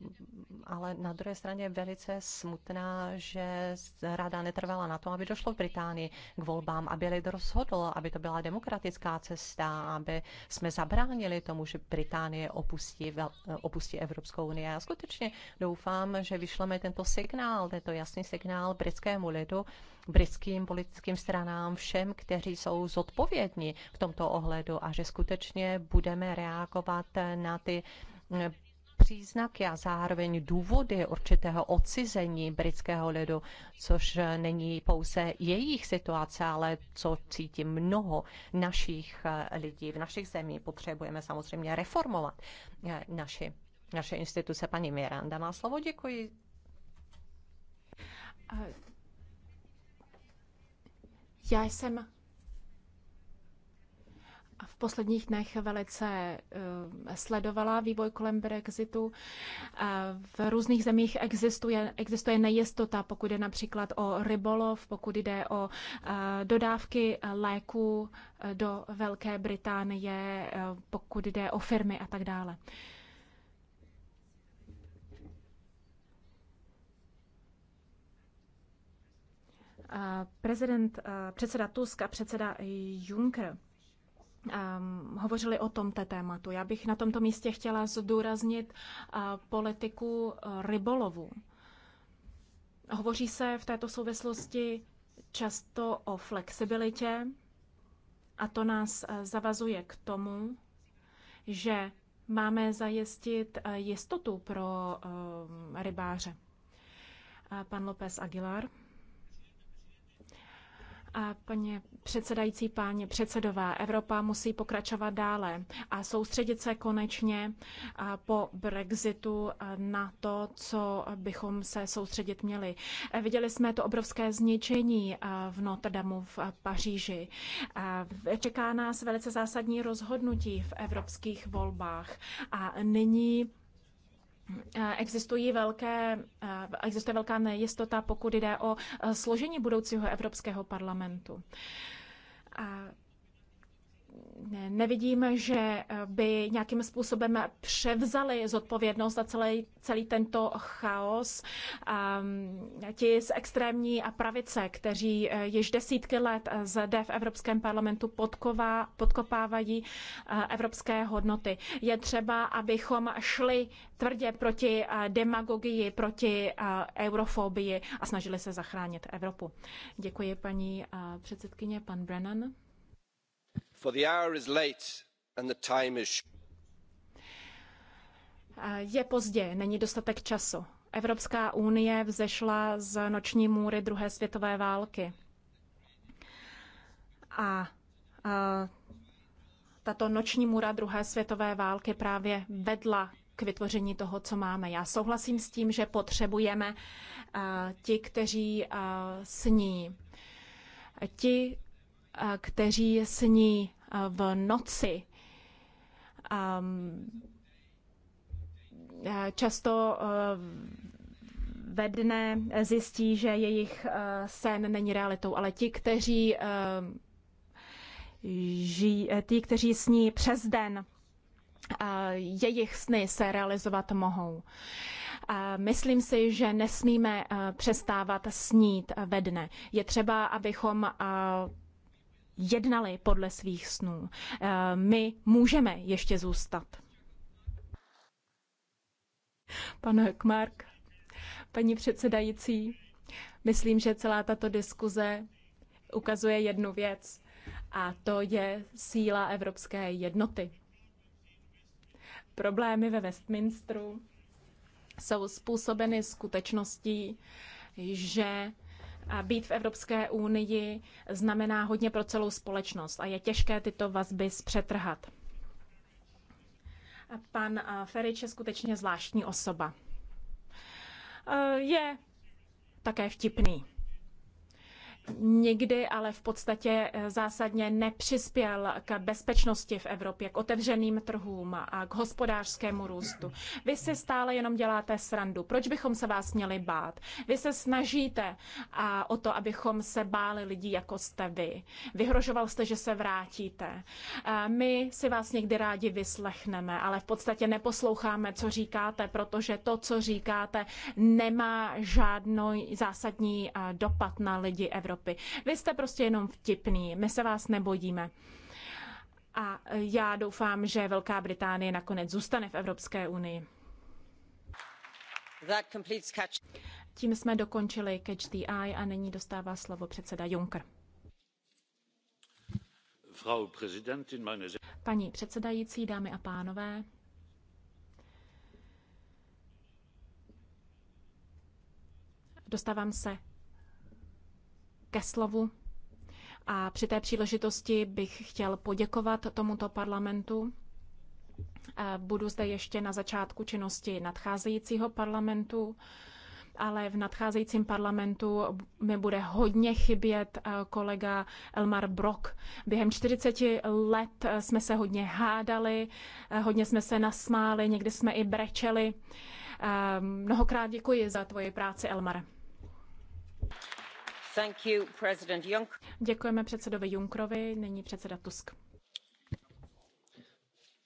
B: ale na druhé straně velice smutná, že rada netrvala na tom, aby došlo v Británii k volbám, aby lid rozhodl, aby to byla demokratická cesta, aby jsme zabránili tomu, že Británie opustí, opustí Evropskou unii. Já skutečně doufám, že vyšleme tento signál, tento jasný signál britskému lidu, britským politickým stranám, všem, kteří jsou zodpovědní v tomto ohledu a že skutečně budeme reagovat na ty eh, příznaky a zároveň důvody určitého odcizení britského lidu, což není pouze jejich situace, ale co cítí mnoho našich eh, lidí v našich zemích. Potřebujeme samozřejmě reformovat eh, naši, naše instituce. Paní Miranda má slovo, děkuji.
C: Já jsem v posledních dnech velice eh, sledovala vývoj kolem Brexitu. Eh, v různých zemích existuje, existuje nejistota, pokud jde například o rybolov, pokud jde o eh, dodávky léků do Velké Británie, pokud jde o firmy a tak dále. Prezident, předseda Tusk a předseda Juncker um, hovořili o tomto tématu. Já bych na tomto místě chtěla zdůraznit uh, politiku uh, rybolovu. Hovoří se v této souvislosti často o flexibilitě a to nás uh, zavazuje k tomu, že máme zajistit uh, jistotu pro uh, rybáře. Uh, pan López Aguilar. A paní předsedající, páni předsedové, Evropa musí pokračovat dále a soustředit se konečně po Brexitu na to, co bychom se soustředit měli. E, viděli jsme to obrovské zničení v Notre Dame v Paříži. Čeká nás velice zásadní rozhodnutí v evropských volbách a nyní Eh, existují velké, eh, existuje velká nejistota, pokud jde o eh, složení budoucího Evropského parlamentu nevidím, že eh, by nějakým způsobem převzali zodpovědnost za celý, celý tento chaos um, ti z extrémní pravice, kteří eh, již desítky let eh, zde v Evropském parlamentu podková, podkopávají evropské hodnoty. Je třeba, abychom šli tvrdě proti demagogii, proti eurofobii a snažili se zachránit Evropu. Děkuji paní předsedkyně, pan Brennan je pozdě, není dostatek času. Evropská unie vzešla z noční můry druhé světové války. A, a tato noční můra druhé světové války právě vedla k vytvoření toho, co máme. Já souhlasím s tím, že potřebujeme a, ti, kteří a, sní. Ti, kteří sní v noci. Často ve dne zjistí, že jejich sen není realitou, ale ti, kteří žijí, ti, kteří sní přes den, jejich sny se realizovat mohou. Myslím si, že nesmíme přestávat snít ve dne. Je třeba, abychom jednali podle svých snů. Eh, my můžeme ještě zůstat. Pane Kmark, paní předsedající, myslím, že celá tato diskuze ukazuje jednu věc, a to je síla evropské jednoty. Problémy ve Westminsteru jsou způsobeny skutečností, že být v Evropské unii znamená hodně pro celou společnost a je těžké tyto vazby zpřetrhat. Pan Ferič je skutečně zvláštní osoba. E, je také vtipný nikdy, ale v podstatě eh, zásadně nepřispěl k bezpečnosti v Evropě, k otevřeným trhům a k hospodářskému růstu. Vy si stále jenom děláte srandu. Proč bychom se vás měli bát? Vy se snažíte a, o to, abychom se báli lidí, jako jste vy. Vyhrožoval jste, že se vrátíte. Eh, my si vás někdy rádi vyslechneme, ale v podstatě neposloucháme, co říkáte, protože to, co říkáte, nemá žádný zásadní eh, dopad na lidi Evropy. Evropy. Vy jste prostě jenom vtipný, my se vás nebojíme. A e, já doufám, že Velká Británie nakonec zůstane v Evropské unii. Tím jsme dokončili Catch the Eye a nyní dostává slovo předseda Juncker. Paní předsedající, dámy a pánové, dostávám se ke slovu. A při té příležitosti bych chtěl poděkovat tomuto parlamentu. Budu zde ještě na začátku činnosti nadcházejícího parlamentu, ale v nadcházejícím parlamentu mi bude hodně chybět eh, kolega Elmar Brok. Během 40 let eh, jsme se hodně hádali, eh, hodně jsme se nasmáli, někdy jsme i brečeli. Mnohokrát děkuji za tvoji práci, Elmar. You, Děkujeme předsedovi Junckerovi, nyní předseda Tusk.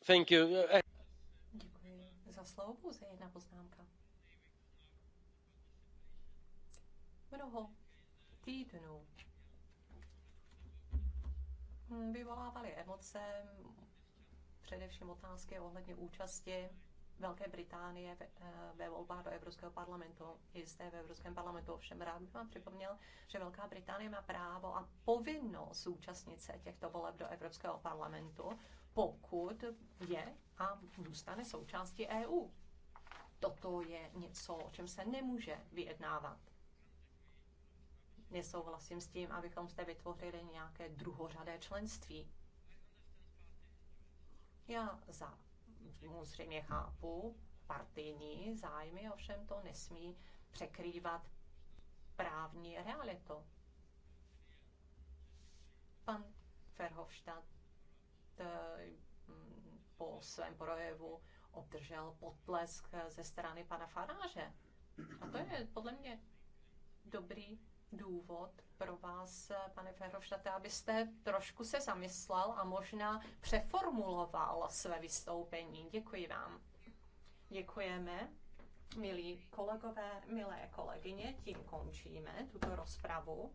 B: Thank you. Děkuji za slovo, pouze jedna poznámka. Mnoho týdnů vyvolávaly emoce, především otázky ohledně účasti Velké Británie eh, ve volbách do Evropského parlamentu. I zde ve Evropském parlamentu ovšem rád bych vám připomněl, že Velká Británie má právo a povinnost zúčastnit se těchto voleb do Evropského parlamentu, pokud je a zůstane součástí EU. Toto je něco, o čem se nemůže vyjednávat. Nesouhlasím s tím, abychom zde vytvořili nějaké druhořadé členství. Já za samozřejmě chápu partijní zájmy, ovšem to nesmí překrývat právní realitu. Pan Verhofstadt eh, po svém projevu obdržel potlesk ze strany pana Faráže. A to je podle mě dobrý důvod pro vás, pane Ferhofštate, abyste trošku se zamyslel a možná přeformuloval své vystoupení. Děkuji vám. Děkujeme. Milí kolegové, milé kolegyně, tím končíme tuto rozpravu.